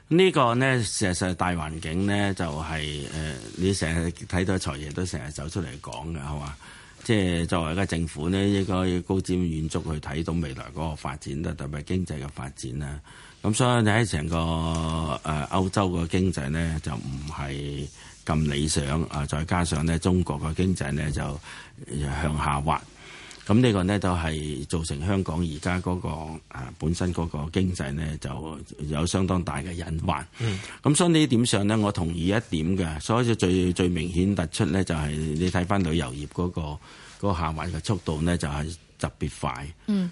嗯這個呢，事實上大環境呢、就是，就係誒，你成日睇到財爺都成日走出嚟講嘅，係嘛？即係作為一個政府咧，應該要高瞻遠矚去睇到未來嗰個發展啦，特別係經濟嘅發展啦。咁所以你喺成個誒歐洲嘅經濟咧，就唔係咁理想啊。再加上咧，中國嘅經濟咧就向下滑。咁呢個呢，就係造成香港而家嗰個、啊、本身嗰個經濟呢，就有相當大嘅隱患。咁所以呢點上呢，我同意一點嘅。所以最最明顯突出呢，就係、是、你睇返旅遊業嗰、那個那個下滑嘅速度呢，就係、是、特別快。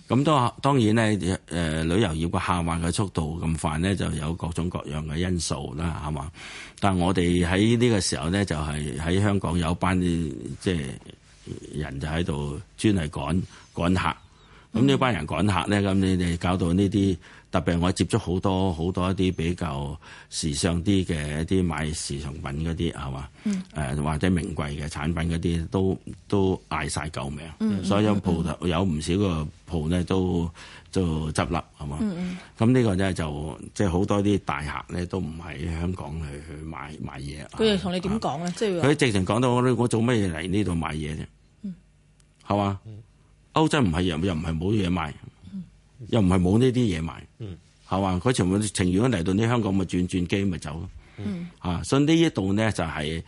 咁當、嗯、當然呢，誒、呃、旅遊業個下滑嘅速度咁快呢，就有各種各樣嘅因素啦，係嘛？但係我哋喺呢個時候呢，就係、是、喺香港有班即係。人就喺度專係趕趕客，咁、嗯、呢班人趕客咧，咁你哋搞到呢啲，特別我接觸好多好多一啲比較時尚啲嘅一啲買時尚品嗰啲係嘛，誒、嗯呃、或者名貴嘅產品嗰啲都都嗌晒救命，嗯嗯、所有鋪頭有唔少個鋪咧都做執笠係嘛，咁、嗯嗯、呢個咧就即係好多啲大客咧都唔喺香港去去買買嘢，佢哋同你點講咧，即係佢直情講到我做乜嘢嚟呢度買嘢啫？係嘛？歐洲唔係又又唔係冇嘢賣，嗯、又唔係冇呢啲嘢賣，係嘛、嗯？佢全部情願嚟到呢香港咪轉轉機咪走，嗯、啊！所以呢一度呢，就係、是、誒、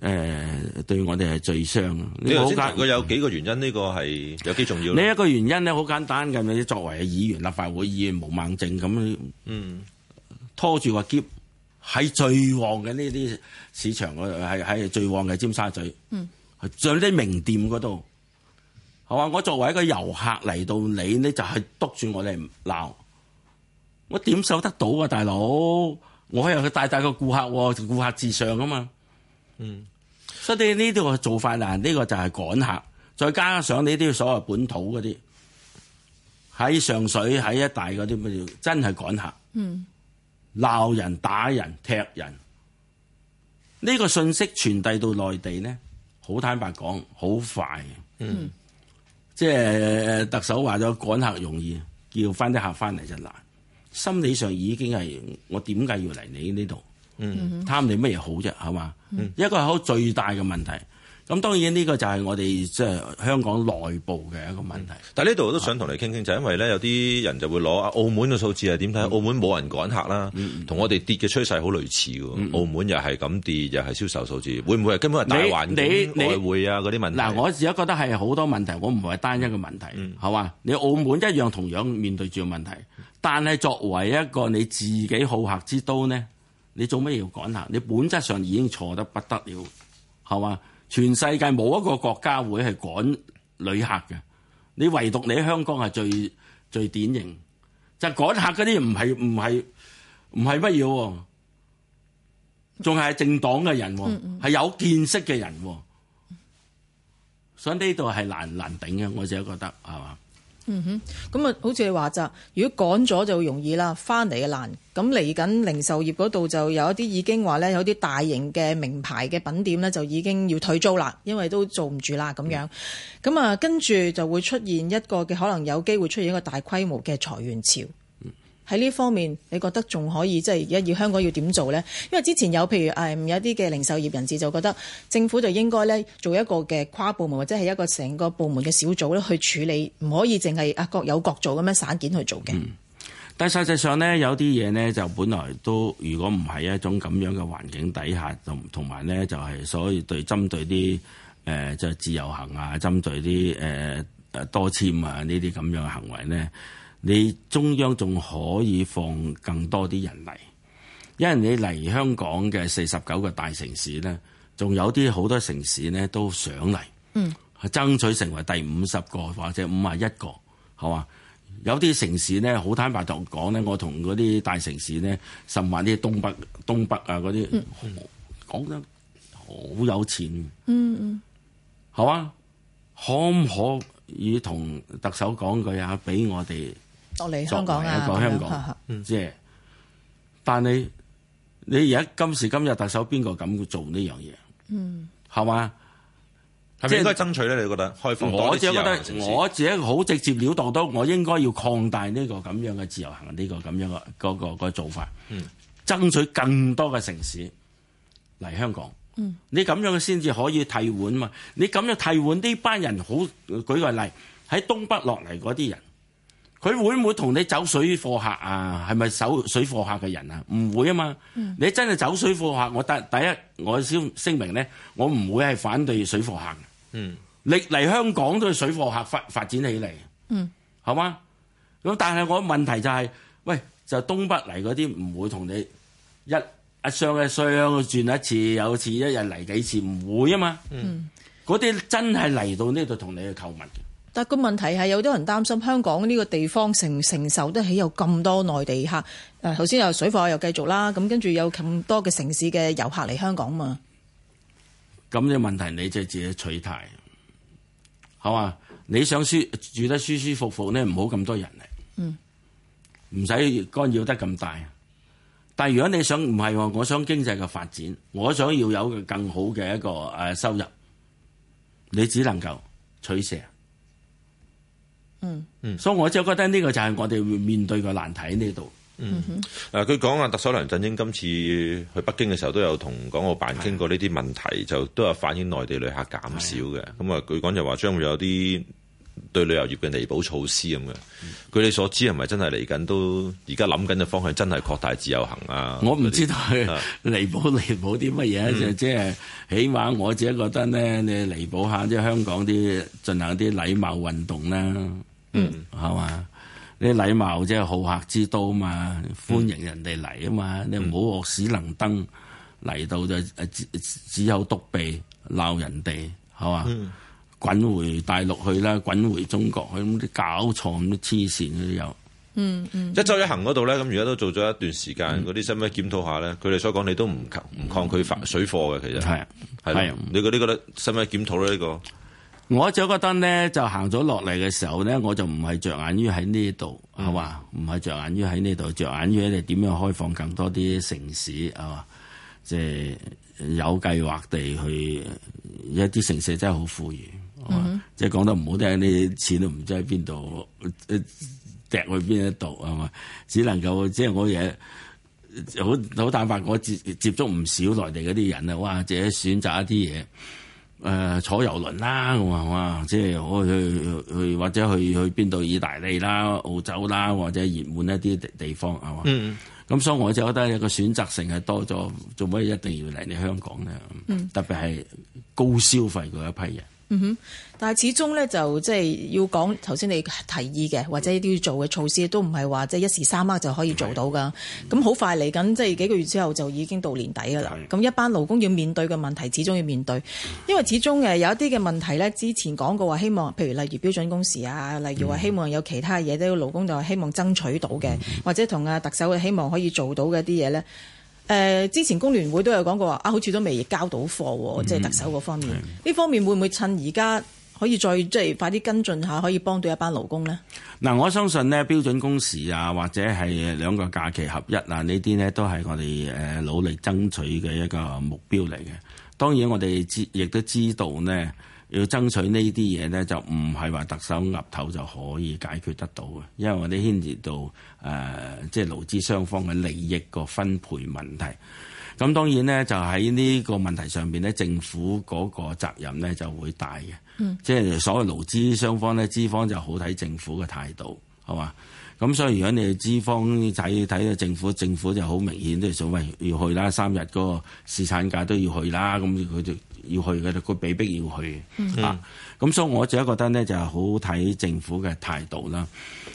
呃、對我哋係最傷。你我講佢有幾個原因，呢個係有幾重要。呢一個原因咧好簡單嘅，你作為議員、立法會議員，毛孟靜咁，樣嗯，拖住個篋喺最旺嘅呢啲市場度，係喺最旺嘅尖沙咀，嗯，喺啲名店嗰度。係嘛？我作為一個遊客嚟到你咧，你就係督住我嚟鬧，我點受得到啊？大佬，我又係大大個顧客，顧客至上啊嘛。嗯，所以呢啲個做法啊，呢、呢個就係趕客，再加上呢啲所謂本土嗰啲喺上水喺一帶嗰啲，乜嘢真係趕客，鬧、嗯、人打人踢人，呢、呢個信息傳遞到內地呢，好坦白講，好快嗯。嗯即係特首話咗趕客容易，叫翻啲客翻嚟就難，心理上已經係，我點解要嚟你呢度？嗯、mm，hmm。貪你乜嘢好啫，係嘛？嗯、mm，hmm. 一個係好最大嘅問題。咁當然呢個就係我哋即係香港內部嘅一個問題。嗯、但係呢度我都想同你傾傾，就係是因為咧有啲人就會攞啊澳門嘅數字係點睇？嗯、澳門冇人趕客啦，同、嗯、我哋跌嘅趨勢好類似嘅。嗯、澳門又係咁跌，嗯、又係銷售數字，嗯、會唔會係根本係大環境外匯啊嗰啲問題？嗱，我自己覺得係好多問題，我唔係單一嘅問題，係嘛、嗯？你澳門一樣同樣面對住嘅問題，但係作為一個你自己好客之都呢，你做咩要趕客？你本質上已經錯得不得了，係嘛？全世界冇一個國家會係趕旅客嘅，你唯獨你香港係最最典型，就係、趕客嗰啲唔係唔係唔係乜嘢喎，仲係、啊、政黨嘅人、啊，係有見識嘅人、啊，所以呢度係難難頂嘅，我自己覺得係嘛。嗯哼，咁啊，好似你話咋，如果趕咗就容易啦，翻嚟就難。咁嚟緊零售業嗰度就有一啲已經話咧，有啲大型嘅名牌嘅品店咧，就已經要退租啦，因為都做唔住啦咁、嗯、樣。咁啊，跟住就會出現一個嘅可能有機會出現一個大規模嘅裁員潮。喺呢方面，你覺得仲可以即係而家要香港要點做呢？因為之前有譬如誒、嗯、有啲嘅零售業人士就覺得政府就應該咧做一個嘅跨部門或者係一個成個部門嘅小組咧去處理，唔可以淨係啊各有各做咁樣散件去做嘅、嗯。但實際上呢，有啲嘢呢，就本來都如果唔係一種咁樣嘅環境底下同同埋呢，就係、係、所以對針對啲誒就係自由行啊，針對啲誒誒多簽啊呢啲咁樣嘅行為呢。你中央仲可以放更多啲人嚟，因為你嚟香港嘅四十九個大城市咧，仲有啲好多城市咧都想嚟，嗯，係爭取成為第五十個或者五十一個，係嘛？有啲城市咧好坦白就講咧，我同嗰啲大城市咧，甚至啲東北東北啊嗰啲，講得好有錢，嗯嗯，係嘛？可唔可以同特首講句啊，俾我哋？香港，啊、香港，一個香港，即係、嗯就是，但你你而家今時今日特首邊個敢去做呢樣嘢？嗯，係嘛？係咪、就是、應該爭取咧？你覺得開放多啲自由嘅城市，我自己覺得，我自己好直接了當，都我應該要擴大呢個咁樣嘅自由行，呢、呢個咁樣、嗰個、嗰個、嗰個做法。嗯，爭取更多嘅城市嚟香港。嗯，你咁樣先至可以替換啊嘛？你咁樣替換呢班人，好舉個例喺東北落嚟啲人。佢會唔會同你走水貨客啊？係咪走水貨客嘅人啊？唔會啊嘛！嗯、你真係走水貨客，我第第一我先聲明咧，我唔會係反對水貨客。嗯，歷嚟香港都係水貨客發發展起嚟。嗯嗎，係嘛？咁但係我問題就係、是，喂，就東北嚟嗰啲唔會同你一一上一上轉一次，有一次一日嚟幾次，唔會啊嘛。嗯，嗰啲真係嚟到呢度同你去購物。但個問題係有啲人擔心香港呢個地方承承受得起有咁多內地客。誒，頭先又水貨又繼續啦，咁跟住有咁多嘅城市嘅遊客嚟香港啊嘛。咁嘅問題，你就自己取態，好嘛？你想舒住得舒舒服服呢，唔好咁多人嚟，唔使、嗯、干擾得咁大。但如果你想唔係話，我想經濟嘅發展，我想要有更好嘅一個誒收入，你只能夠取捨。嗯嗯，所以、so, 我就覺得呢個就係我哋會面對嘅難題喺呢度。嗯嗱佢講阿特首梁振英今次去北京嘅時候都有同港澳辦傾過呢啲問題，的就都有反映內地旅客減少嘅。咁啊的，佢講就話將會有啲對旅遊業嘅彌補措施咁嘅。的據你所知，係咪真係嚟緊都而家諗緊嘅方向真係擴大自由行啊？我唔知道係的彌補彌補啲乜嘢，嗯、就即、就、係、是、起碼我自己覺得咧，你彌補下即係香港啲進行啲禮貌運動啦。嗯，係嘛？啲禮貌即係好客之都嘛，歡迎人哋嚟啊嘛！你唔好惡死能登嚟到就只只有篤鼻鬧人哋，係嘛？滾回大陸去啦，滾回中國去咁啲搞錯咁啲黐線都有。嗯嗯，即一周一行嗰度咧，咁而家都做咗一段時間，啲使唔使檢討下咧，佢哋所講你都唔抗唔抗拒水貨嘅其實係係，你覺得覺得使唔使檢討咧呢個？我就覺得咧，就行咗落嚟嘅時候咧，我就唔係着眼於喺呢度，係嘛、mm？唔係着眼於喺呢度，着眼於喺你點樣開放更多啲城市，係嘛？即係有計劃地去一啲城市真係好富裕，係嘛？即係講得唔好聽，啲錢都唔知喺邊度，掟去邊一度，係嘛？只能夠即係我嘢，好好坦白，我接接觸唔少內地嗰啲人啊，自己選擇一啲嘢。誒、呃、坐遊輪啦，咁啊嘛，即係去去去，或者去去邊度？意大利啦、澳洲啦，或者熱門一啲地地方，係嘛？咁、嗯、所以我就覺得一個選擇性係多咗，做乜一定要嚟你香港咧？嗯、特別係高消費嗰一批人。嗯哼，但係始終咧就即係要講頭先你提議嘅，或者呢啲要做嘅措施，都唔係話即係一時三刻就可以做到噶。咁好的快嚟緊，即係幾個月之後就已經到年底㗎啦。咁的一班勞工要面對嘅問題，始終要面對，的因為始終誒有一啲嘅問題咧，之前講過話希望，譬如例如標準工時啊，例如話希望有其他嘢都勞工就希望爭取到嘅，或者同阿特首嘅希望可以做到嘅啲嘢咧。誒、呃、之前工聯會都有講過話啊，好似都未交到貨喎、哦，嗯、即係特首嗰方面呢方面會唔會趁而家可以再即係快啲跟進下，可以幫到一班勞工呢？嗱、嗯，我相信呢標準工時啊，或者係兩個假期合一啊，呢啲呢都係我哋誒、呃、努力爭取嘅一個目標嚟嘅。當然我哋知亦都知道呢。要爭取呢啲嘢咧，就唔係話特首岌頭就可以解決得到嘅，因為我哋牽涉到誒，即、呃、係、就是、勞資雙方嘅利益個分配問題。咁當然咧，就喺呢個問題上邊咧，政府嗰個責任咧就會大嘅。嗯，即係所謂勞資雙方咧，資方就好睇政府嘅態度，係嘛？咁所以如果你哋資方仔睇到政府，政府就好明顯都想話要去啦，三日個侍產假都要去啦，咁佢就。要去嘅，佢被逼要去的啊！咁所以，我只係覺得呢，就係好睇政府嘅態度啦。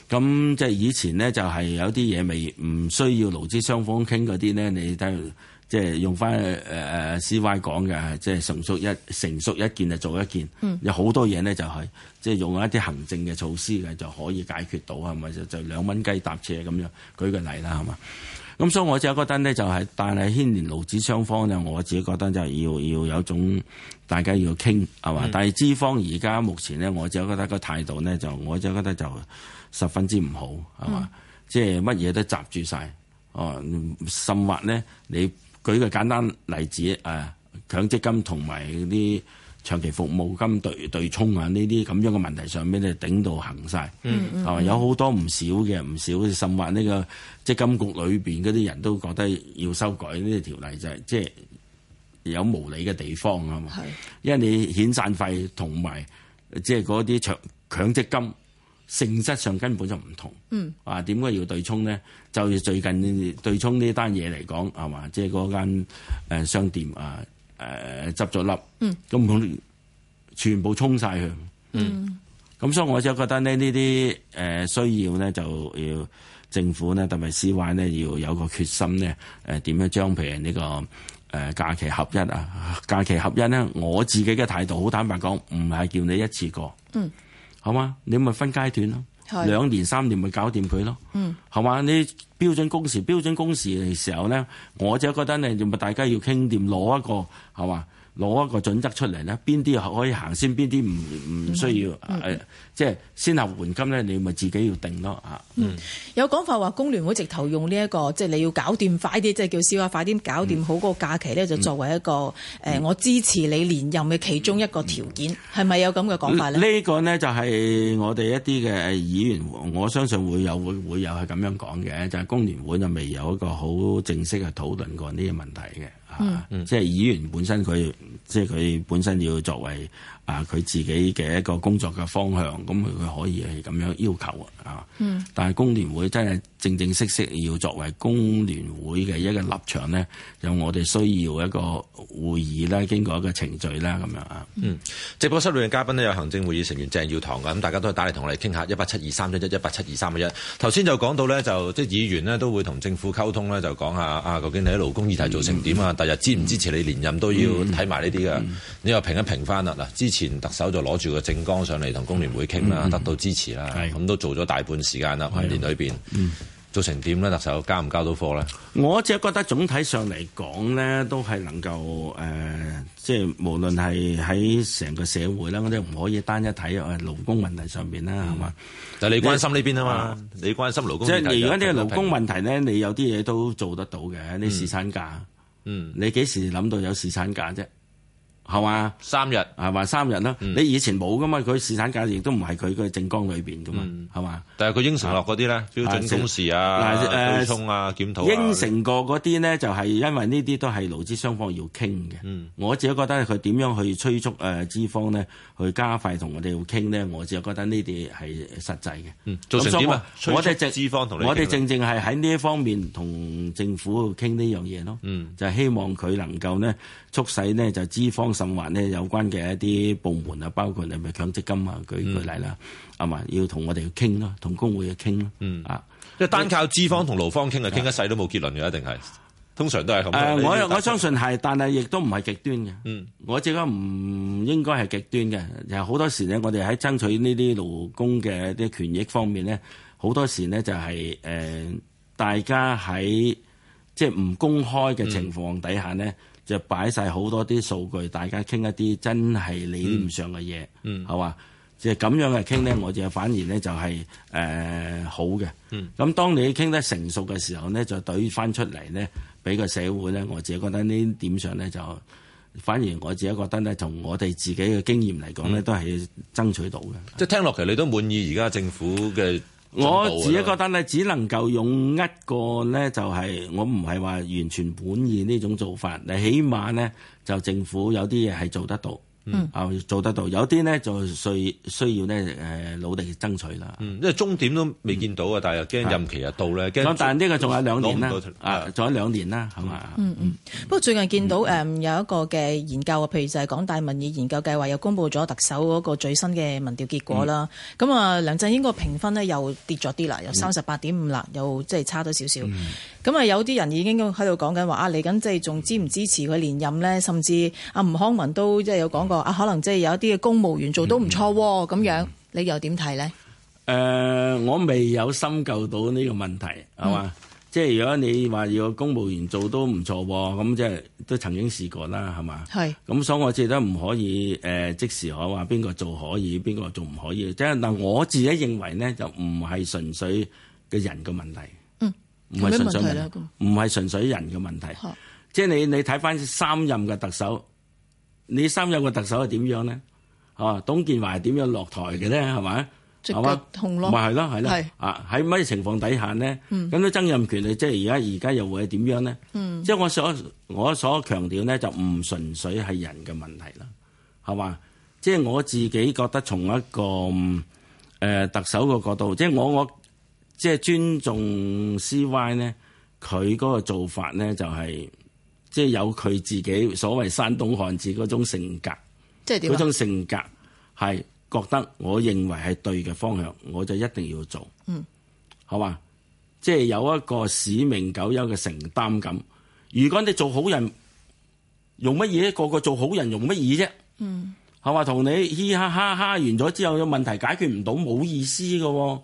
咁即係以前呢，就係、是、有啲嘢未唔需要勞資雙方傾嗰啲呢。你睇即係用返誒誒 C Y 講嘅，即、就、係、是、成熟一成熟一件就做一件。嗯、有好多嘢呢，就係即係用一啲行政嘅措施嘅就可以解決到，係咪就就兩蚊雞搭車咁樣？舉個例啦，係嘛！咁所以我自己覺得咧就係、是，但係牽連勞資雙方就我自己覺得就要要有種大家要傾係嘛。嗯、但係資方而家目前咧，我只覺得個態度咧就，我只覺得就十分之唔好係嘛。嗯、即係乜嘢都集住晒，哦，甚或咧。你舉個簡單例子誒、啊，強積金同埋啲，長期服務金對對沖啊！呢啲咁樣嘅問題上邊咧頂到行曬，啊、mm hmm. 有好多唔少嘅唔少，甚至話、那、呢個積金局裏邊嗰啲人都覺得要修改呢條例，就係、是、即係有無理嘅地方啊嘛。是因為你遣散費同埋即係嗰啲長強積金性質上根本就唔同。啊、mm，點、hmm. 解要對沖咧？就最近對沖呢單嘢嚟講，係嘛？即係嗰間誒商店啊。誒，執咗、呃、粒，咁通、嗯、全部沖晒佢。咁、嗯嗯、所以我只覺得咧呢啲誒需要咧，就要政府咧，特別 C 委咧，要有個決心咧。誒、呃，點樣將譬如呢個誒、呃、假期合一啊？假期合一咧，我自己嘅態度好坦白講，唔係叫你一次過。嗯、好嘛，你咪分階段咯。兩年三年咪搞掂佢咯，嗯，係嘛？你標準工時，標準工時嘅時候咧，我就覺得你要咪大家要傾掂攞一個，係嘛？攞一個準則出嚟呢邊啲可以行先，邊啲唔唔需要誒、嗯啊？即係先後緩急呢你咪自己要定咯嚇。啊、嗯，有講法話工聯會直頭用呢、這、一個，即、就、係、是、你要搞掂快啲，即、就、係、是、叫 CY 快啲搞掂好嗰個假期呢就作為一個誒、嗯呃，我支持你連任嘅其中一個條件，係咪、嗯、有咁嘅講法咧？呢個呢就係我哋一啲嘅議員，我相信會有會會有係咁樣講嘅，就係、是、工聯會就未有一個好正式嘅討論過呢個問題嘅。嗯，即係議員本身佢，即係佢本身要作為啊佢自己嘅一個工作嘅方向，咁佢可以係咁樣要求啊。嗯，但係工聯會真係。正正式式要作為工聯會嘅一個立場呢，有我哋需要一個會議啦，經過一個程序啦，咁樣啊。嗯，直播室裏嘅嘉賓咧，有行政會議成員鄭耀棠，咁大家都係打嚟同我哋傾下，一八七二三一一一八七二三一一。頭先就講到呢，就即係議員呢都會同政府溝通呢就講下啊，究竟你喺勞工議題做成點啊？第日支唔支持你連任都要睇埋呢啲嘅。你又評一評翻啦。嗱，之前特首就攞住個政綱上嚟同工聯會傾啦，得到支持啦，咁都做咗大半時間啦，一年裏邊。做成點咧？特首交唔交到貨咧？我只覺得總體上嚟講咧，都係能夠誒、呃，即係無論係喺成個社會啦，我哋唔可以單一睇誒勞工問題上邊啦，係嘛、嗯？吧但係你關心呢邊啊嘛？嗯、你關心勞工問題，即係而家呢個勞工問題咧，嗯、你有啲嘢都做得到嘅，你侍產假，嗯，你幾時諗到有侍產假啫？係嘛？三日啊，係咪？三日囉。你以前冇噶嘛？佢市產價亦都唔係佢嘅政綱裏邊噶嘛？係嘛？但係佢應承落嗰啲咧，要標準工時啊、催沖啊、檢討。應承過嗰啲呢就係因為呢啲都係勞資雙方要傾嘅。我自己覺得佢點樣去催促誒資方咧，去加快同我哋要傾呢？我自己覺得呢啲係實際嘅。做成點啊？我哋正資方同我哋正正係喺呢一方面同政府傾呢樣嘢咯。就就係希望佢能夠呢促使呢就資方。甚或呢，有關嘅一啲部門啊，包括你咪強積金啊，舉舉例啦，係嘛？要同我哋去傾咯，同工會去傾咯，啊！即係單靠資方同勞方傾啊，傾、嗯、一世都冇結論嘅，一定係，通常都係咁。誒、啊，我我相信係，但係亦都唔係極端嘅。嗯，我覺得唔應該係極端嘅，又好多時呢，我哋喺爭取呢啲勞工嘅啲權益方面呢，好多時呢，就係誒，大家喺即係唔公開嘅情況底下呢，嗯就擺晒好多啲數據，大家傾一啲真係理念上嘅嘢，係嘛、嗯？即係咁樣嘅傾咧，我就反而咧就係、是、誒、呃、好嘅。咁、嗯、當你傾得成熟嘅時候咧，就懟翻出嚟咧，俾個社會咧，我自己覺得呢點上咧就反而我自己覺得咧，從我哋自己嘅經驗嚟講咧，嗯、都係爭取到嘅。即係聽落其實你都滿意而家政府嘅。我自己覺得咧，只能夠用一個咧，就係我唔係話完全滿意呢種做法。你起碼咧，就政府有啲嘢係做得到。嗯，啊，做得到，有啲呢就需需要咧，誒，努力爭取啦。因為終點都未見到啊，但係又驚任期又到咧，驚。但呢個仲有兩年啦，啊，仲有兩年啦，係嘛？嗯嗯，不過最近見到誒有一個嘅研究啊，譬如就係港大民意研究計劃又公布咗特首嗰個最新嘅民調結果啦。咁啊，梁振英個評分呢又跌咗啲啦，又三十八點五啦，又即係差咗少少。咁啊，有啲人已經喺度講緊話啊，嚟緊即係仲支唔支持佢連任咧？甚至阿吳康文都即係有講過啊，可能即係有一啲嘅公務員做都唔錯喎，咁、嗯、樣、嗯、你又點睇咧？誒、呃，我未有深究到呢個問題，係嘛？嗯、即係如果你話要公務員做都唔錯喎，咁即係都曾經試過啦，係嘛？係是。咁所以我自己都唔可以誒、呃，即時可話邊個做可以，邊個做唔可以？即係嗱，我自己認為呢，就唔係純粹嘅人嘅問題。嗯唔係純粹唔係純粹人嘅問，問題，啊、即係你你睇翻三任嘅特首，你三任嘅特首係點樣咧？啊，董建華係點樣落台嘅咧？係咪？係咪？痛咯，咪係咯，係咯，是啊，喺乜情況底下咧？咁都曾蔭權你即係而家而家又會係點樣咧？即係我所我所強調咧，就唔純粹係人嘅問題啦，係嘛？即係我自己覺得從一個誒、呃、特首嘅角度，即係我我。我即係尊重 C Y 咧，佢嗰個做法咧就係，即係有佢自己所謂山東漢子嗰種性格，即係點啊？嗰種性格係覺得我認為係對嘅方向，我就一定要做。嗯，好嘛？即係有一個使命九幽嘅承擔感。如果你做好人，用乜嘢？個個做好人用乜嘢啫？嗯，係嘛？同你嘻嘻哈哈完咗之後，有問題解決唔到，冇意思噶喎。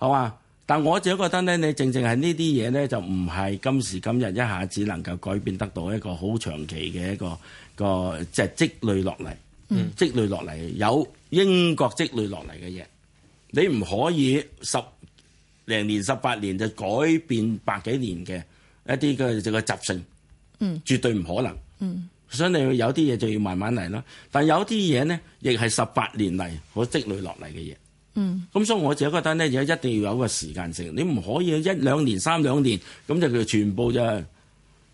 好嘛？但我只覺得咧，你正正係呢啲嘢咧，就唔係今時今日一下子能夠改變得到一個好長期嘅一個一個，一個即係積累落嚟，嗯、積累落嚟有英國積累落嚟嘅嘢，你唔可以十零年、十八年就改變百幾年嘅一啲嘅個，個習性，嗯，絕對唔可能，嗯，嗯，所以你有啲嘢就要慢慢嚟咯。但有啲嘢咧，亦係十八年嚟好積累落嚟嘅嘢。嗯，咁所以我自己覺得咧，而家一定要有個時間性，你唔可以一兩年、三兩年咁就叫全部咋，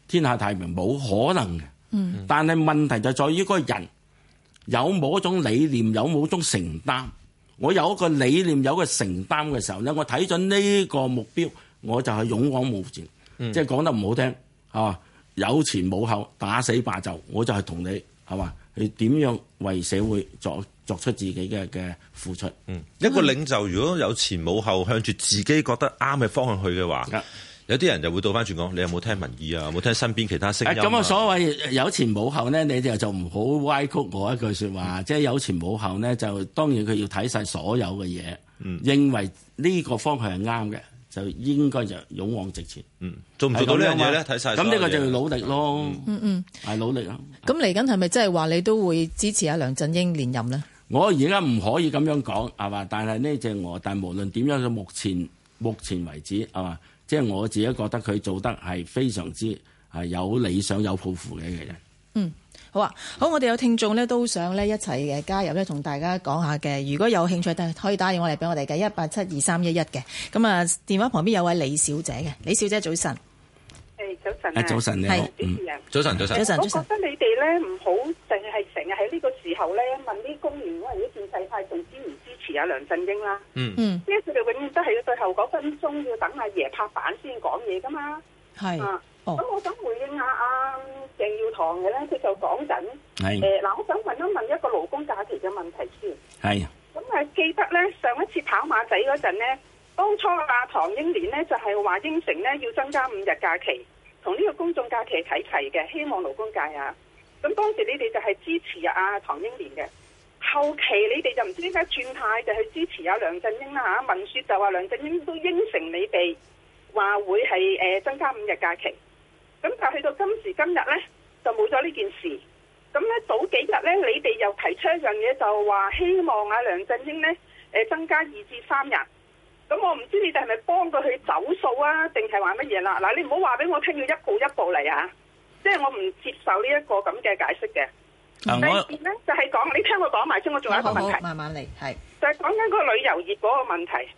天下太平冇可能嘅。嗯，但係問題就在於個人有冇一種理念，有冇一種承擔。我有一個理念，有一個承擔嘅時候咧，我睇準呢個目標，我就係勇往無前。即係、嗯、講得唔好聽，係嘛？有前冇後，打死霸就，我就係同你，係嘛？你點樣為社會作作出自己嘅嘅付出。嗯，一個領袖如果有前冇後，向住自己覺得啱嘅方向去嘅話，有啲人就會倒翻轉講：你有冇聽民意啊？冇聽身邊其他聲音啊？咁我所謂有前冇後呢，你就就唔好歪曲我一句説話。即係有前冇後呢，就當然佢要睇晒所有嘅嘢，認為呢個方向係啱嘅，就應該就勇往直前。嗯，做唔做到呢樣嘢呢？睇晒。咁呢個就要努力咯。嗯嗯，係努力啊。咁嚟緊係咪即係話你都會支持阿梁振英連任呢？我而家唔可以咁樣講係嘛，但係呢就我，但無論點樣，到目前目前為止係嘛，即係、就是、我自己覺得佢做得係非常之係有理想有抱負嘅一個人。嗯，好啊，好，我哋有聽眾呢，都想呢一齊嘅加入咧，同大家講下嘅。如果有興趣，得可以打電話嚟俾我哋嘅一八七二三一一嘅咁啊。11，電話旁邊有位李小姐嘅，李小姐早晨。早晨，啊、早晨，早晨你好，主持人，早晨，早晨，啊、早晨，早晨。我覺得你哋咧唔好淨係成日喺呢個時候咧問啲公員嗰啲政勢派仲支唔支持啊梁振英啦、啊。嗯，嗯，因為佢哋永遠都係要最後嗰分鐘要等阿爺，爺拍板先講嘢噶嘛。係是啊，咁我想回應阿阿、啊、鄭耀棠嘅咧，佢就講緊係誒嗱，我想問一問一個勞工假期嘅問題先。係是。咁誒記得咧上一次跑馬仔嗰陣咧，當初阿唐英，英年咧就係話應承咧要增加五日假期。同呢個公眾假期睇齊嘅，希望勞工界啊，咁當時你哋就係支持阿、啊、唐英年嘅，後期你哋就唔知點解轉態，就去支持阿、啊、梁振英啦、啊、嚇。聞說就話梁振英都應承你哋話會係誒、呃、增加五日假期，咁但係去到今時今日呢，就冇咗呢件事。咁呢早幾日呢，你哋又提出一樣嘢，就話希望阿、啊、梁振英呢誒、呃、增加二至三日。咁、嗯、我唔知你哋係咪幫佢去走數啊，定係話乜嘢啦？嗱，你唔好話俾我聽要一步一步嚟啊！即係我唔接受這這行呢一個咁嘅解釋嘅。第二咧就係、是、講你聽我講埋先，我仲有一個問題。慢慢嚟，係。就係講緊個旅遊業嗰個問題，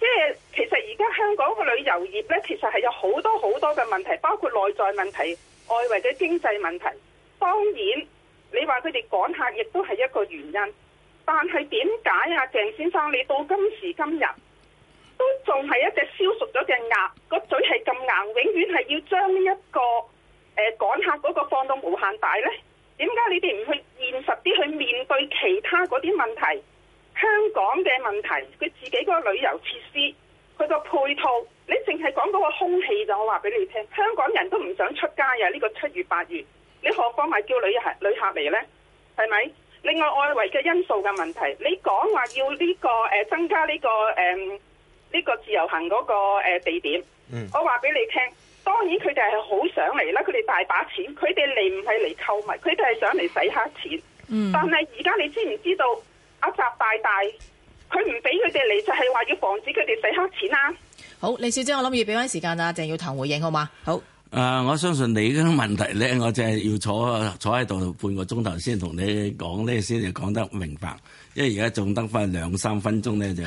即係其實而家香港個旅遊業咧，其實係有好多好多嘅問題，包括內在問題、外圍嘅經濟問題。當然，你話佢哋趕客亦都係一個原因，但係點解啊，鄭先生，你到今時今日？都仲係一隻燒熟咗嘅鴨，個嘴係咁硬，永遠係要將呢、這、一個誒趕、呃、客嗰個放到無限大呢。點解你哋唔去現實啲去面對其他嗰啲問題？香港嘅問題，佢自己嗰個旅遊設施，佢個配套，你淨係講嗰個空氣就我話俾你聽，香港人都唔想出街啊！呢、這個七月八月，你何況係叫旅客旅客嚟呢？係咪？另外外圍嘅因素嘅問題，你講話要呢、這個誒、呃、增加呢、這個誒？呃呢個自由行嗰個誒地點，嗯、我話俾你聽，當然佢哋係好想嚟啦，佢哋大把錢，佢哋嚟唔係嚟購物，佢哋係想嚟洗黑錢。嗯，但係而家你知唔知道阿習大大佢唔俾佢哋嚟，就係、是、話要防止佢哋洗黑錢啦、啊。好，李小姐，我諗要俾翻時間阿鄭耀棠回應好嘛？好。誒、呃，我相信你呢啲問題咧，我淨係要坐坐喺度半個鐘頭先同你講呢，先至講得明白。因為而家仲得翻兩三分鐘咧，就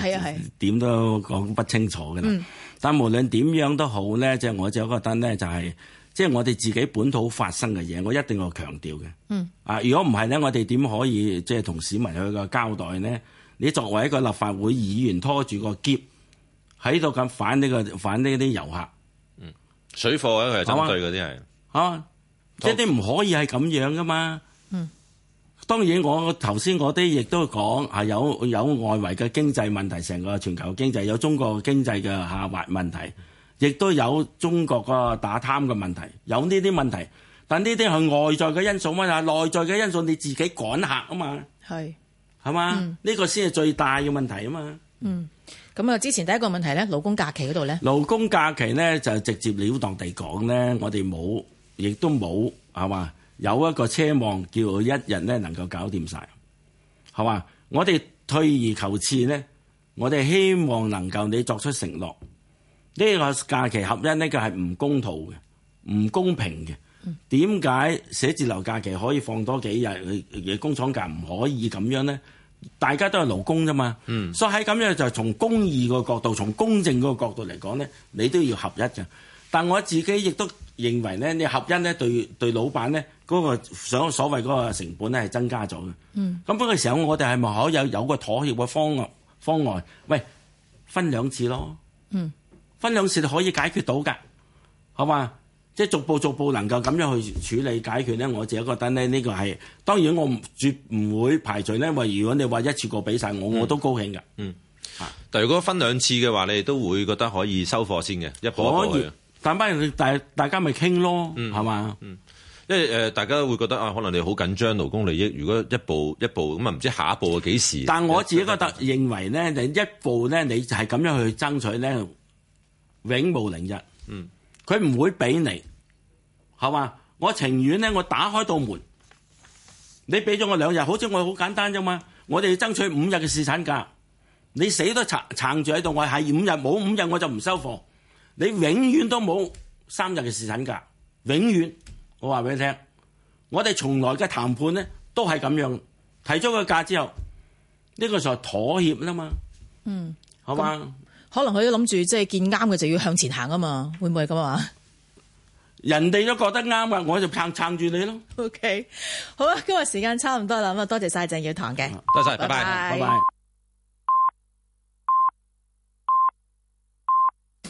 點都講不清楚嘅啦。但無論點樣都好咧，即係我就覺得咧，就係即係我哋自己本土發生嘅嘢，我一定要強調嘅。嗯，啊，如果唔係咧，我哋點可以即係同市民去個交代咧？你作為一個立法會議員，拖住個喼喺度咁反呢個反呢啲遊客。嗯，水貨佢係針對嗰啲係。啊，即係你唔可以係咁樣噶嘛？當然，我頭先嗰啲亦都講係、啊、有有外圍嘅經濟問題，成個全球經濟有中國經濟嘅下滑問題，亦都有中國個打貪嘅問題，有呢啲問題。但呢啲係外在嘅因素嘛，內在嘅因素你自己趕客啊嘛，係係嘛。呢個先係最大嘅問題啊嘛。嗯，咁啊，之前第一個問題咧，勞工假期嗰度咧，勞工假期咧就直接了當地講咧，我哋冇，亦都冇係嘛。有一個奢望，叫佢一日咧能夠搞掂晒，係嘛？我哋退而求次咧，我哋希望能夠你作出承諾。呢個假期合一呢個係唔公道嘅，唔公平嘅。點解寫字樓假期可以放多幾日，而工廠假唔可以咁樣咧？大家都係勞工啫嘛，嗯、所以喺咁樣就係從公義個角度，從公正個角度嚟講咧，你都要合一嘅。但我自己亦都。認為咧，你合因咧對對老闆咧嗰個所所謂嗰個成本咧係增加咗嘅。嗯，咁嗰個時候我哋係咪可以有有個妥協嘅方案？方案，喂，分兩次咯。嗯，分兩次就可以解決到噶，好嘛？即係逐步逐步能夠咁樣去處理解決咧。我自己覺得咧，呢個係，當然我絶唔會排除咧，喂，如果你話一次過俾晒，我、嗯、我都高興噶、嗯。嗯，啊，但如果分兩次嘅話，你都會覺得可以收貨先嘅，一鋪一鋪。但班人，大大家咪傾咯，係嘛、嗯？吧因為誒、呃，大家會覺得啊，可能你好緊張勞工利益。如果一步一步咁啊，唔知下一步係幾時？但我自己覺得認為咧，你一步咧，你就係咁樣去爭取咧，永無寧日。嗯，佢唔會俾你，係嘛？我情願咧，我打開道門，你俾咗我兩日，好似我好簡單啫嘛。我哋爭取五日嘅侍產假，你死都撐撐住喺度，我係五日冇五日我就唔收貨。你永遠都冇三日嘅試產噶永遠我話俾你聽，我哋從來嘅談判咧都係咁樣，提咗個價之後，呢、這個就妥協啦嘛，嗯，好嘛吧、嗯，可能佢都諗住即係見啱嘅就要向前行啊嘛，會唔會係咁啊？人哋都覺得啱嘅，我就撐撐住你咯。O、okay. K，好啊，今日時間差唔多啦，咁啊多謝晒鄭耀棠嘅，多謝，多謝拜拜，拜拜。拜拜。